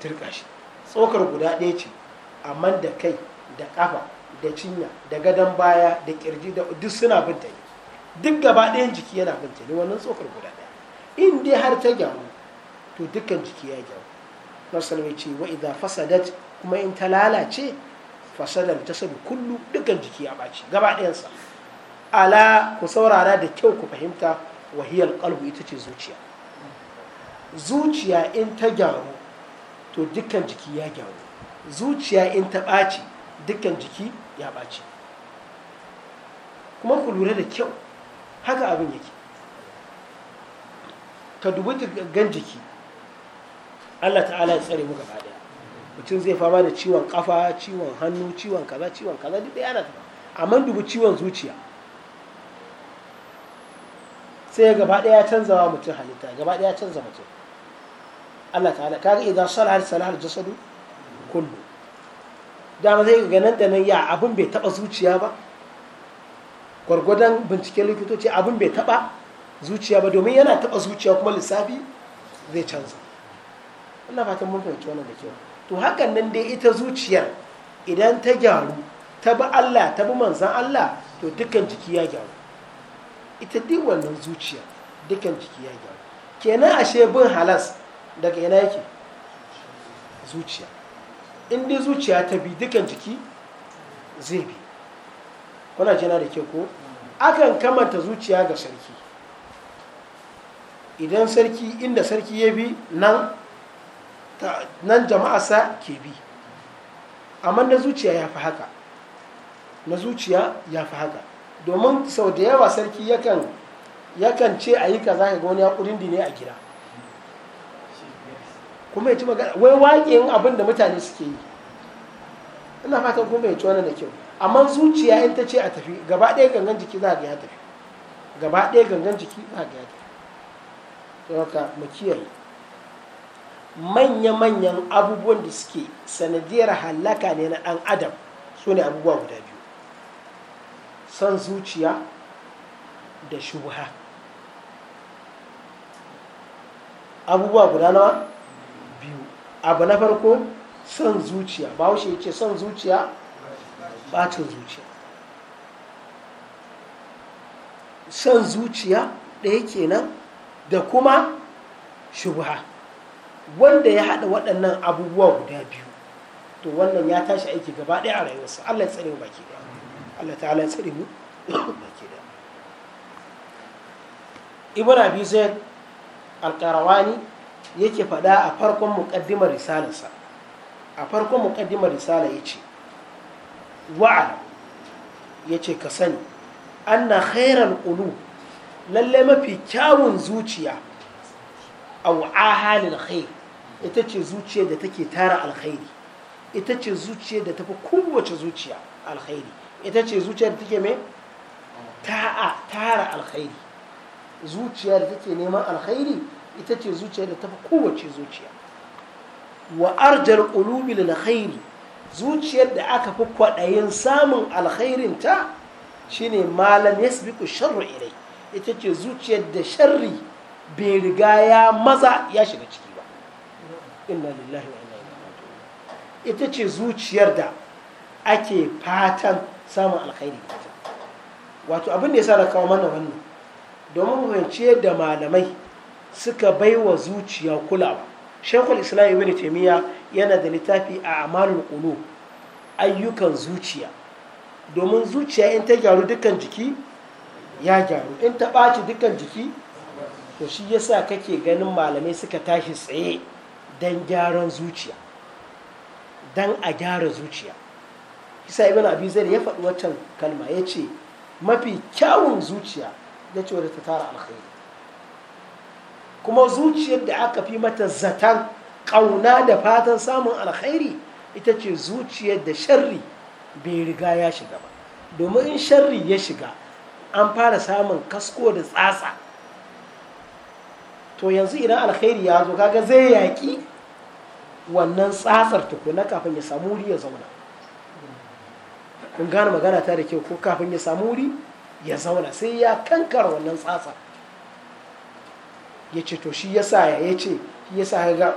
turka shi tsokar guda ɗaya ce man da kai da kafa da cinya da gadon baya da ƙirji da duk suna binta ne duk gaba ɗayan jiki yana binta ne wannan tsofar guda ɗaya in dai har ta gyaru to dukkan jiki ya gyaru na ce wa idan fasadat kuma in ta lalace fasadar ta sabu kullu dukkan jiki ya ɓaci gaba ɗayansa ala ku saurara da kyau ku fahimta wahiyar kalbu ita ce zuciya zuciya in ta gyaru to dukkan jiki ya gyaru zuciya in ta ɓaci dukkan jiki ya ɓaci kuma ku lura da kyau haka abin yake ka dubi gan jiki allah ta'ala ya tsare muka faɗi mutum zai fama da ciwon kafa ciwon hannu ciwon kaza ciwon kaza duk ɗaya na amma dubi ciwon zuciya sai gaba ɗaya canza wa mutum halitta gaba ɗaya canza mutum allah ta'ala kaga idan salahar salahar jasadu kullu dama zai ga nan da nan ya abin bai taba zuciya ba gwargwadon binciken likitoci abin bai taba zuciya ba domin yana taba zuciya kuma lissafi zai canza ina fatan mun fahimci wannan da kyau to hakan nan dai ita zuciyar idan ta gyaru ta bi Allah ta bi manzan Allah to dukkan jiki ya gyaru ita duk wannan zuciya dukkan jiki ya gyaru kenan ashe bin halas daga ina yake zuciya in dai zuciya ta bi dukan jiki zai bi kuna jina da ke ko akan kamanta zuciya ga sarki idan sarki inda sarki ya bi nan nan jama'arsa ke bi amma na zuciya ya fi haka na zuciya ya fi haka domin sau da yawa sarki yakan ce a yi kaza ga wani ya kudin ne a gida kuma ya ci magana wai yin abin da mutane suke yi ina fatan kuma ya ci wani da kyau amma zuciya in ta ce a tafi gaba ɗaya gangan jiki za ga ya tafi gaba ɗaya gangan jiki za ga ya tafi don haka mu kiyaye manya-manyan abubuwan da suke sanadiyar halaka ne na ɗan adam su ne abubuwa guda biyu son zuciya da shubha abubuwa guda nawa abu na farko son zuciya ba wuce ce son zuciya bacin zuciya son zuciya ɗaya kenan da kuma shubha wanda ya haɗa waɗannan abubuwa guda biyu to wannan ya tashi aiki gaba ɗaya a rayuwarsa allah ya tsare mu baki ɗaya allah ta ya tsare mu baki ɗaya ibn abi zaid al-qarawani yake faɗa a farkon muƙaddimar risalarsa a farkon muƙaddimar risala ya ce wa'ar ya ce ka sani anna khairar ulu lalle mafi kyawun zuciya a wa'ahalin khair ita ce zuciya da take tara alkhairi ita ce zuciya da tafi kowace zuciya alkhairi ita ce zuciya da take mai ta'a tara alkhairi zuciya da take neman alkhairi ita ce zuciya da tafi kowace zuciya wa arjar qulubi khairi zuciyar da aka fi kwaɗayin samun alkhairin ta shine malam yasbiqu sharru ilai ita ce zuciyar da sharri bai riga ya maza ya shiga ciki ba inna lillahi wa inna ilaihi ita ce zuciyar da ake fatan samun alkhairi wato abin da ya sa na kawo mana wannan domin fahimci da malamai suka baiwa zuciya kulawa shekul islam ibn taimiyya yana da littafi a amalul kulu. ayyukan zuciya domin zuciya in ta gyaru dukkan jiki ya gyaru in ta ɓaci dukkan jiki to shi yasa kake ganin malamai suka tashi tsaye don gyaran zuciya don a gyara zuciya isa ibn abi zai ya faɗi waccan kalma ya ce mafi kyawun zuciya ya ce wadda ta tara alkhairi kuma zuciyar da aka fi mata zatan ƙauna da fatan samun alkhairi ita ce zuciyar da sharri bai riga ya shiga ba domin in sharri ya shiga an fara samun kasko da tsatsa to yanzu idan alkhairi ya zo kaga zai yaƙi wannan tsatsar tukuna kafin ya samu wuri ya zauna kun gane magana ta da kyau ko kafin ya samu wuri ya zauna sai ya kankara wannan tsatsar ya ce to shi ya ya ya ce shi sa ya ga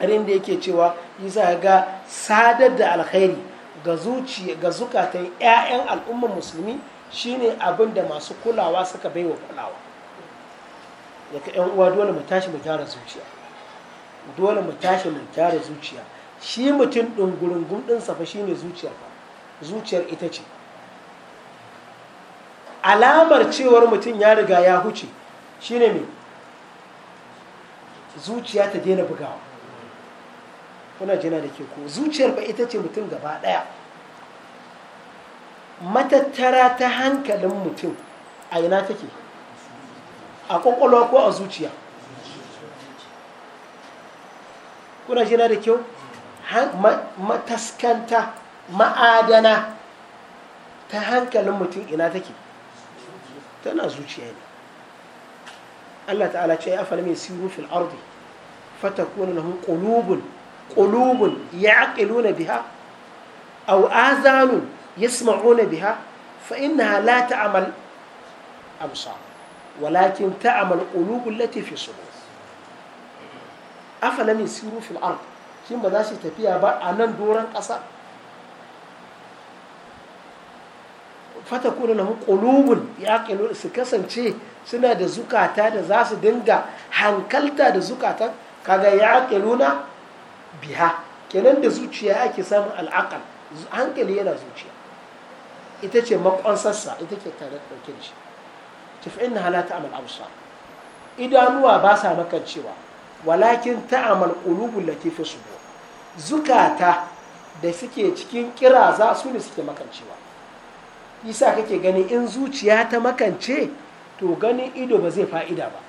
rin da yake cewa sa ya ga sadar da alkhairi ga zuciya ga zukatan 'ya'yan al'ummar musulmi shine abin da masu kulawa suka bai wa kulawa daga 'yan uwa dole mu tashi mu gyara zuciya dole mu tashi mu gyara zuciya shi mutum ɗin gurungun ɗinsa safa shine zuciyar zuciyar ita ce alamar cewar mutum ya riga ya huce shine mai zuciya ta daina bugawa kuna jina da ke ko zuciyar ba ita ce mutum gaba ɗaya matattara ta hankalin mutum a ina take a ƙwaƙwalwa ko a zuciya kuna jina da kyau mataskanta ma'adana ta hankalin mutum ina take tana zuciya ne Allah ta'ala ce ya faɗa mai siru fil ardi fatakunu lahum qulubun qulubun ya'qiluna biha aw azanun yasma'una biha fa innaha la ta'mal absar walakin ta'mal qulubul lati fi sudur afalam yasiru fil ard shin ba za su tafiya ba a nan doron ƙasa fatakuna lahum qulubun ya'qiluna su kasance suna da zukata da zasu dinga hankalta da zukatan kaga ya ake nuna biya kenan da zuciya ake samun al'aqal hankali yana zuciya ita ce makonsarsa ita ke tare ɗauke da shi tafi na halata amal absar idanuwa ba sa makancewa walakin ta ta'amal qulubul latifi subur zukata da suke cikin kira za su ne suke makancewa isa kake gani in zuciya ta makance to ganin ido ba zai fa'ida ba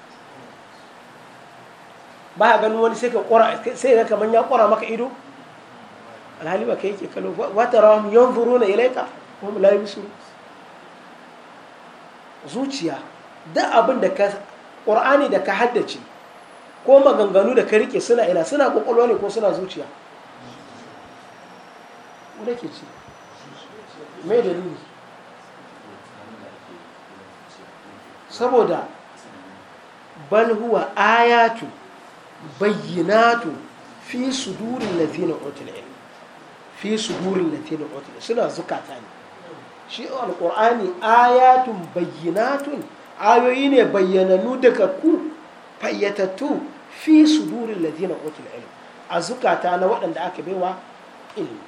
ba a ganin wani sai ka kora sai ga kaman ya kora maka ido alhali ba kai yake kallo wa na ilaika ko mu lai musu zuciya da abin da ka qur'ani da ka haddace ko maganganu da ka rike suna ina suna kokolwa ne ko suna zuciya wanda ke ci mai dalili saboda bal huwa ayatu bayyinatu fi sudurin latina otul ilm fi sudurin latina otul suna zukata ne shi alƙur'ani ayatun bayyinatun ayoyi ne bayyananu daga ku fayyatattu fi sudurin latina otul ilm a zukata na waɗanda aka baiwa ilm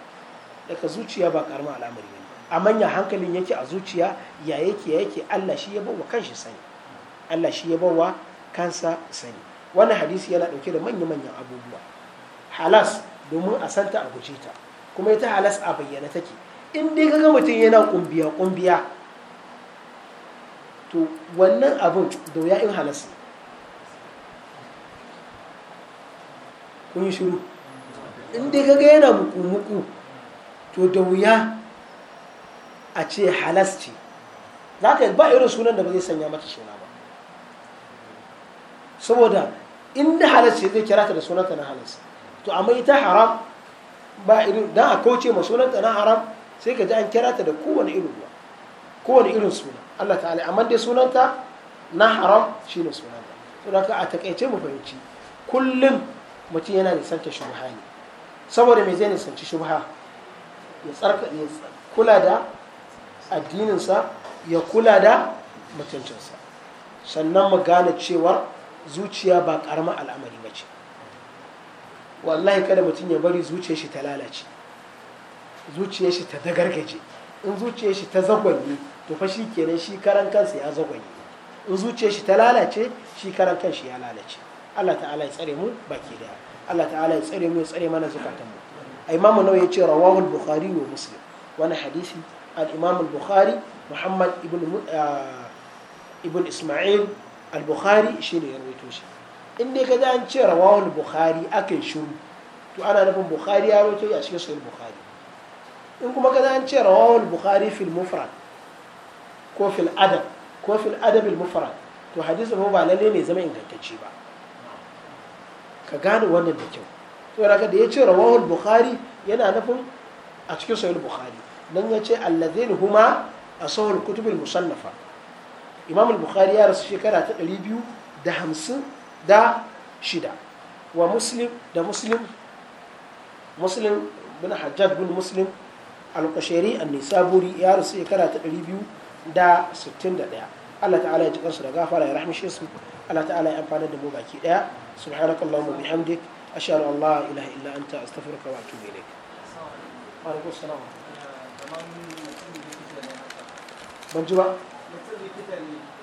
daga zuciya ba karama al'amari ne a manya hankalin yake a zuciya ya yake ya yake allah allah shi ya bawa kansa sani wannan hadisi yana dauke da manya-manyan abubuwa halas domin a santa a guje ta kuma ita halas a bayyana take in dai ga mutum yana kumbiya kumbiya to wannan abin da wuya in halas ne kun yi shiru in dai ga yana muku-muku to da wuya a ce halas ce za ka ba irin sunan da ba zai sanya mata suna saboda inda halarci zai kira ta da sunanta na halarci to amma ita haram ba irin don a kauce ma sunanta na haram sai ka ji an kira ta da kowane irin ruwa kowane irin suna Allah ta'ala amma dai sunanta na haram shi ne sunanta to da a takaice mu fahimci kullum mutum yana nisanta shubha ne saboda mai zai nisanci shubha ya tsarka ya kula da addininsa ya kula da mutuncinsa sannan mu gane cewar zuciya ba karama al'amari ba ce wallahi kada mutum ya bari zuciyar shi ta lalace zuciyar shi ta dagargaje in zuciyar shi ta zagwanye to fa shi kenan shi karan kansa ya zagwanye in zuciyar shi ta lalace shi karan kansa ya lalace Allah ta'ala ya tsare mu baki daya Allah ta'ala ya tsare mu ya tsare mana zukatanmu imam nawa ya ce rawahul bukhari wa muslim wani hadisi al-imam al-bukhari muhammad ibn ah, ibn isma'il al-bukhari shine ya rawaito shi in dai kaji an ce rawahul bukhari akai shuru to ana nufin bukhari ya rawaito a cikin sahih bukhari in kuma kaji an ce rawahul bukhari fil mufrad ko fil adab ko fil adab mufrad to hadisi ba ba lallai ne zama ingantacce ba ka gane wannan da kyau to da da ya ce rawahul bukhari yana nufin a cikin sahih bukhari dan ya ce allazina huma asahul kutubul musannafa imam al-bukhari ya rasu shekara ta 256 wa muslim da muslim muslim bin hajjaj bin muslim al-qashari an-nisaburi ya rasu shekara ta 261 Allah ta'ala ya ji kansu da gafara ya rahmishe su Allah ta'ala ya amfana da mu baki daya subhanakallahumma bihamdik ashhadu an la ilaha illa anta astaghfiruka wa atubu ilayk wa alaikum assalam ban ji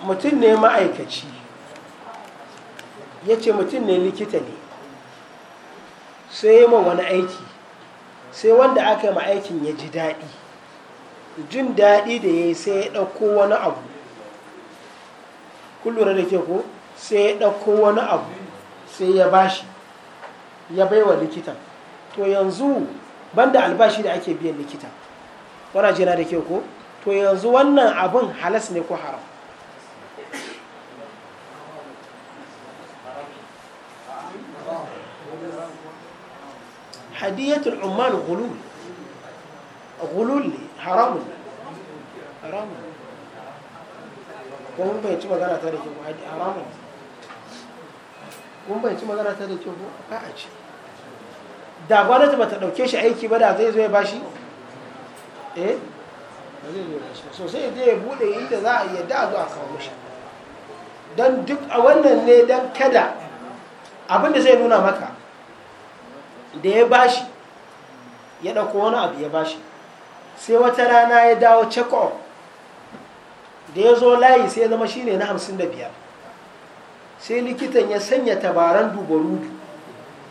mutum ne ma'aikaci ya ce mutum ne likita ne sai ya ma wani aiki sai wanda aka yi ma'aikin aikin ya ji daɗi jin daɗi da ya yi sai ya ɗauko wani abu kullum da ke ko sai ya ɗauko wani abu sai ya bashi ya baiwa likitan to yanzu banda albashi da ake biyan likita wana jina da ke ko to yanzu wannan abin halas ne ko haram hadiyatul umman ghulul ghulul ne haramun haramun kuma bai ci magana ta da kyau haramun kuma bai ci magana ta da kyau ba a ce da gwamnati ba ɗauke shi aiki ba da zai zo ya bashi eh ba zai ya bashi buɗe inda za a iya don duk a wannan ne don kada abinda zai nuna maka da ya bashi ya ɗauko wani abu ya bashi sai wata rana ya dawo check da ya zo layi sai ya zama shine na hamsin da biyar sai likitan ya sanya tabaran dubarudu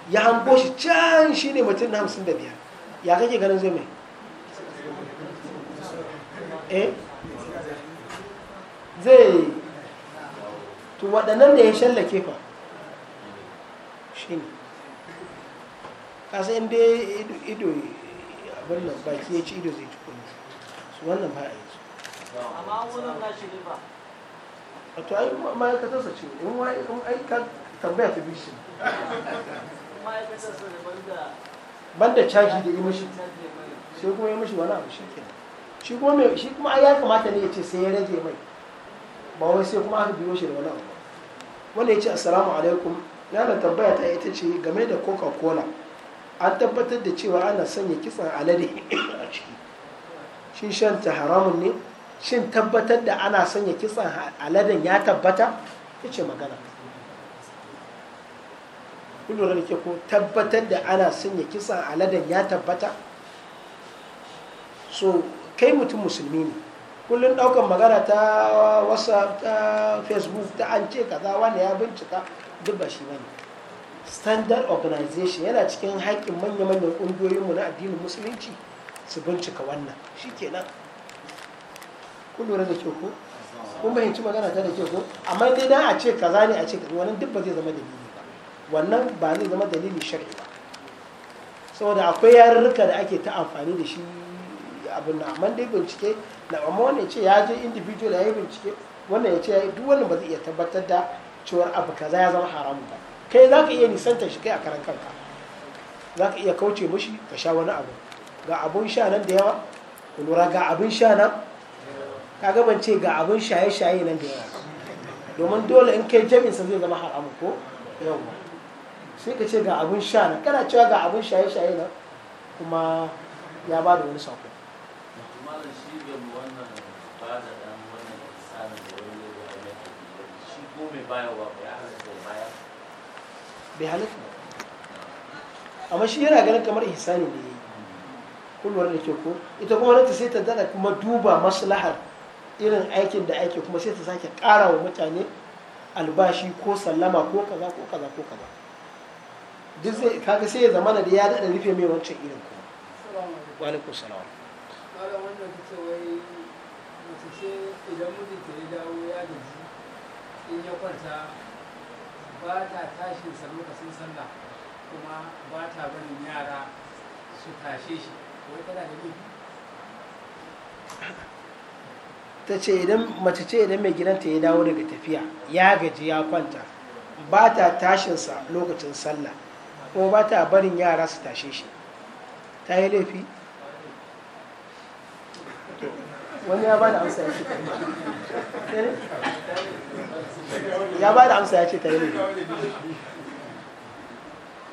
ya hango shi can shine mutum na hamsin da biyar ya kake ganin zai mai eh? zai to waɗannan da ya kefa shi ne kasa inda ido abin nan baki ya ci ido zai ci kuma su wannan ba a yi su amma wurin na shi ba a to ai ma'aikatar sa ce in wai in ai ka tambaya ta bishin ma'aikatar sa da banda banda caji da yi mashi sai kuma yi mashi wani abu shi kenan shi kuma mai shi kuma ai ya kamata ne ya ce sai ya rage mai ba wai sai kuma aka biyo shi da wani abu wanda ya ce assalamu alaikum yana tambaya ta ita ce game da coca cola an tabbatar da cewa ana sanya kitsan alade a ciki shi shan ta haramun ne shin tabbatar da ana sanya kitsan aladen ya tabbata ya ce magana kudura da ke ko tabbatar da ana sanya kitsan aladen ya tabbata so kai mutum musulmi ne kullum daukan magana ta whatsapp ta facebook ta an ce kaza wani ya bincika duk ba shi bane standard organization yana cikin haƙƙin manya-manyan ƙungiyoyinmu na addinin musulunci su bincika wannan shi kenan lura da ke ko kun bayyanci magana ta da ke ko amma dai dan a ce kaza ne a ce kaza wannan duk ba zai zama dalili ba wannan ba zai zama dalili shari'i ba saboda akwai yarurruka da ake ta amfani da shi abin na amma dai bincike na amma wannan ya ce ya je individual ya yi bincike wannan ya ce duk wannan ba zai iya tabbatar da cewar abu kaza ya zama haramun ba kai za ka iya nisantar shi kai a karan kanka za ka iya kauce mashi ka sha wani abu ga abun sha nan da yawa ku lura ga abun sha nan ka gaban ce ga abun shaye-shaye nan da yawa domin dole in kai sa zai zama haramun ko yawa sai ka ce ga abun sha nan kana cewa ga abun shaye-shaye nan kuma ya ba da wani sako ko mai bayarwa bai halatta amma shi yana ganin kamar ihsani ne kullum da ke ko ita kuma gwamnati sai ta dada kuma duba maslahar irin aikin da ake kuma sai ta sake ƙara wa mutane albashi ko sallama ko kaza ko kaza ko kaza duk zai kaga sai ya zama da ya dada rufe mai wancan irin kuma wa alaikum salam malam wannan ce wai mace ce idan mutum ke dawo ya gaji in ya kwanta ba ta tashin sa lokacin sallah kuma ba ta barin yara su tashe shi wai tana da laifi ta ce idan mace ce idan mai gidanta ya dawo daga tafiya ya gaji ya kwanta ba ta tashinsa lokacin sallah kuma ba ta barin yara su tashe shi ta yi laifi wani ya ba da amsa ya shi ya ba da amsa ya ce ta yi laifi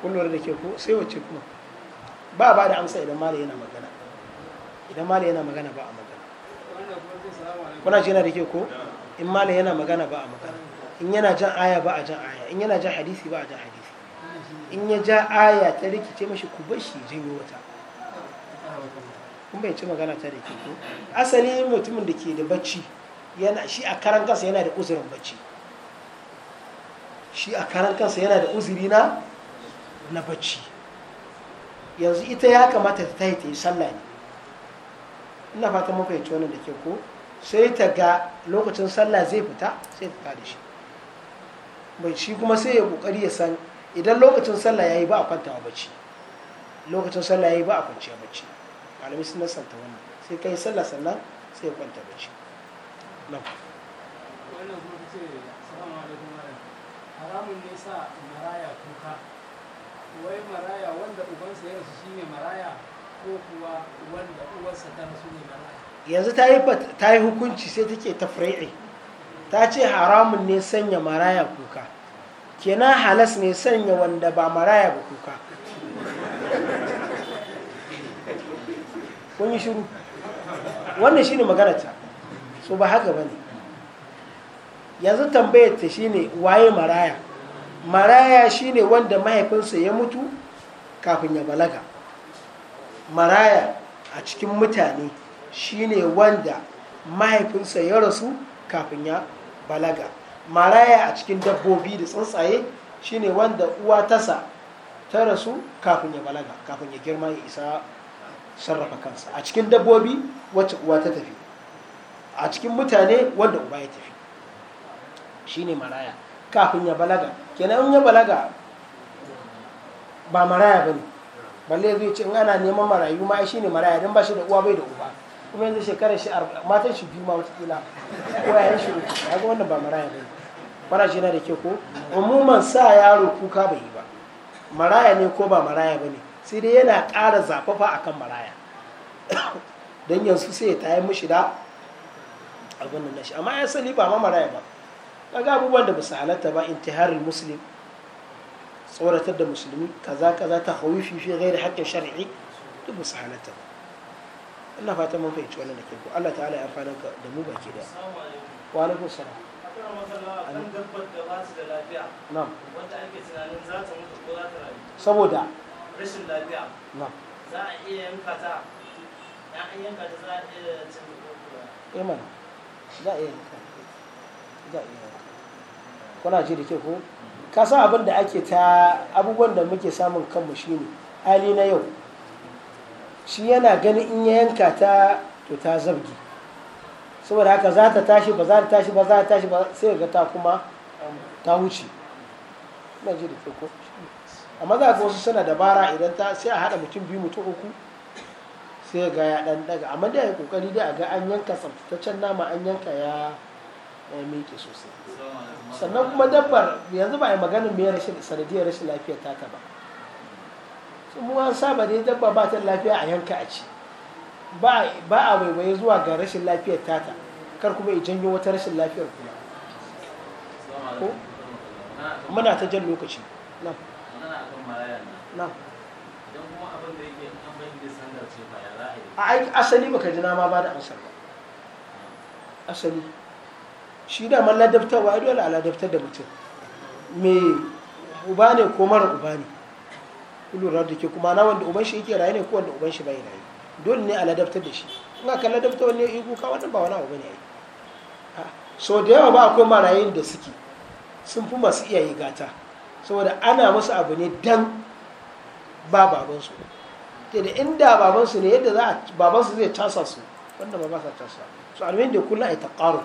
kullum da ke ko sai wacce kuma ba ba da amsa idan mali yana magana idan mali yana magana ba a magana kuna jina da ke ko in mali yana magana ba a magana in yana jan aya ba a jan aya in yana jan hadisi ba a jan hadisi in ya ja aya ta rikice mashi ku bar shi jin wata kun bai ci magana ta da ke ko asali mutumin da ke da bacci yana shi a karan kansa yana da uzurin bacci shi a karan kansa yana da uzuri na na bacci yanzu ita ya kamata ta yi ta yi sallah ne ina fata muka yace wannan da ke ko sai ta ga lokacin sallah zai fita sai ta da shi bai shi kuma sai ya kokari ya san idan lokacin sallah yayi ba a kwanta a bacci lokacin sallah yayi ba a a bacci malamai sun ta wannan sai kai sallah sannan sai ya kwanta bacci na'am samun ne sa maraya kuka wai maraya wanda ubansa ya rasu shi ne maraya ko kuwa wanda uwarsa ta rasu ne maraya yanzu ta yi ta yi hukunci sai take ta tafri'i ta ce haramun ne sanya maraya kuka kenan halas ne sanya wanda ba maraya ba kuka kun yi shiru wannan shi ne maganata so ba haka ba ne yanzu tambayar ta ne waye maraya maraya shine wanda mahaifinsa ya mutu kafin ya balaga maraya a cikin mutane shine wanda mahaifinsa ya rasu kafin ya balaga maraya a cikin dabbobi da tsuntsaye shine wanda uwa tasa ta rasu kafin ya balaga kafin ya girma ya isa sarrafa kansa a cikin dabbobi wacce uwa ta tafi a cikin mutane wanda uba ya tafi shine maraya kafin ya balaga kenan in ya balaga ba maraya bane balle zai ce ina ana neman marayu ma shi ne maraya don ba shi da uwa bai da uba kuma yanzu shekarar shi matan shi biyu ma watakila ko yayin shi uku ya ga wannan ba maraya bane fara shi na da ke ko umuman sa yaro kuka bai yi ba maraya ne ko ba maraya bane sai dai yana ƙara zafafa akan maraya don yanzu sai ya tayi mishi da abin nan shi amma ya sani ba ma maraya ba kaga abubuwan da ba su halatta ba intiharul muslim tsoratar da musulmi kaza kaza ta hawifi fi da haƙƙin shar'i duk ba su halatta ba ina fata mun fahimci wannan da ke ko Allah ta'ala ya amfana ka da mu baki da wa alaikum salam akan dabbar da ba su da lafiya na'am wanda ake tunanin za ta mutu ko za ta rayu saboda rashin lafiya na'am za a iya yanka ta ya an yanka ta za a iya cin iman eh za a iya yanka za a iya yanka kuna ji da ke ko ka san abin da ake ta abubuwan da muke samun kanmu shine hali na yau shi yana ganin in ya yanka ta to ta zabgi saboda haka za ta tashi ba za ta tashi ba za ta tashi ba sai ga ta kuma ta wuce Kuna ji da ko amma za ka wasu suna dabara idan ta sai a haɗa mutum biyu mutum uku sai ga ya ɗan daga amma dai ya kokari dai a ga an yanka tsaftataccen nama an yanka ya miƙe sosai sannan kuma dabbar yanzu ba a yi maganin mai rashin sanadiyar rashin lafiyar taka ba su an saba ne dabba ba ta lafiya a yanka a ci ba a waiwaye zuwa ga rashin lafiyar taka kar kuma i janyo wata rashin lafiyar kuma ko muna ta jan lokaci nan nan a asali baka ji nama ba da ansar ba asali shi da man ladabtarwa ya dole a ladabtar da mutum me uba ne ko mara uba ne lura da ke kuma na wanda uban shi yake raye ne ko wanda uban shi bai raye dole ne a ladabtar da shi in aka ladabta wani yi ka wannan ba wani abu bane ai so da yawa ba akwai marayin da suke sun fi masu iyaye gata saboda ana musu abu ne dan ba babansu da inda babansu ne yadda za a babansu zai tasa su wanda ba ba sa tasa so almin da kullum ai taqarrub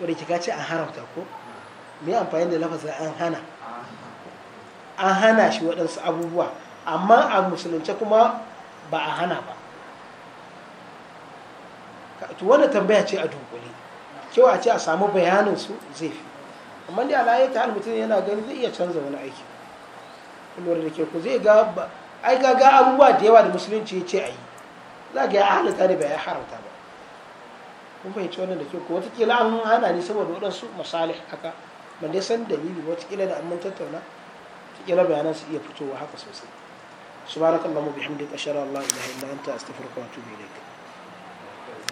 wadda da kace ce an haramta ko me amfani da lafazin an hana an hana shi waɗansu abubuwa amma a musulunce kuma ba a hana ba to wanda tambaya ce a dunkule kyau a ce a samu bayanin su zai fi amma dai alayi ta mutum yana gani zai iya canza wani aiki kullum da ke ku zai ga ai ga abubuwa da yawa da musulunci ya ce a yi za ga ya halitta ne ba ya haramta ba kun fahimci wannan da ke ko kila an hana ni saboda waɗansu misalih haka ban dai san dalili kila da an mun tattauna watakila bayanan su iya fitowa haka sosai subhanakallahu bihamdika ashhadu an la ilaha illa anta astaghfiruka wa atubu ilayk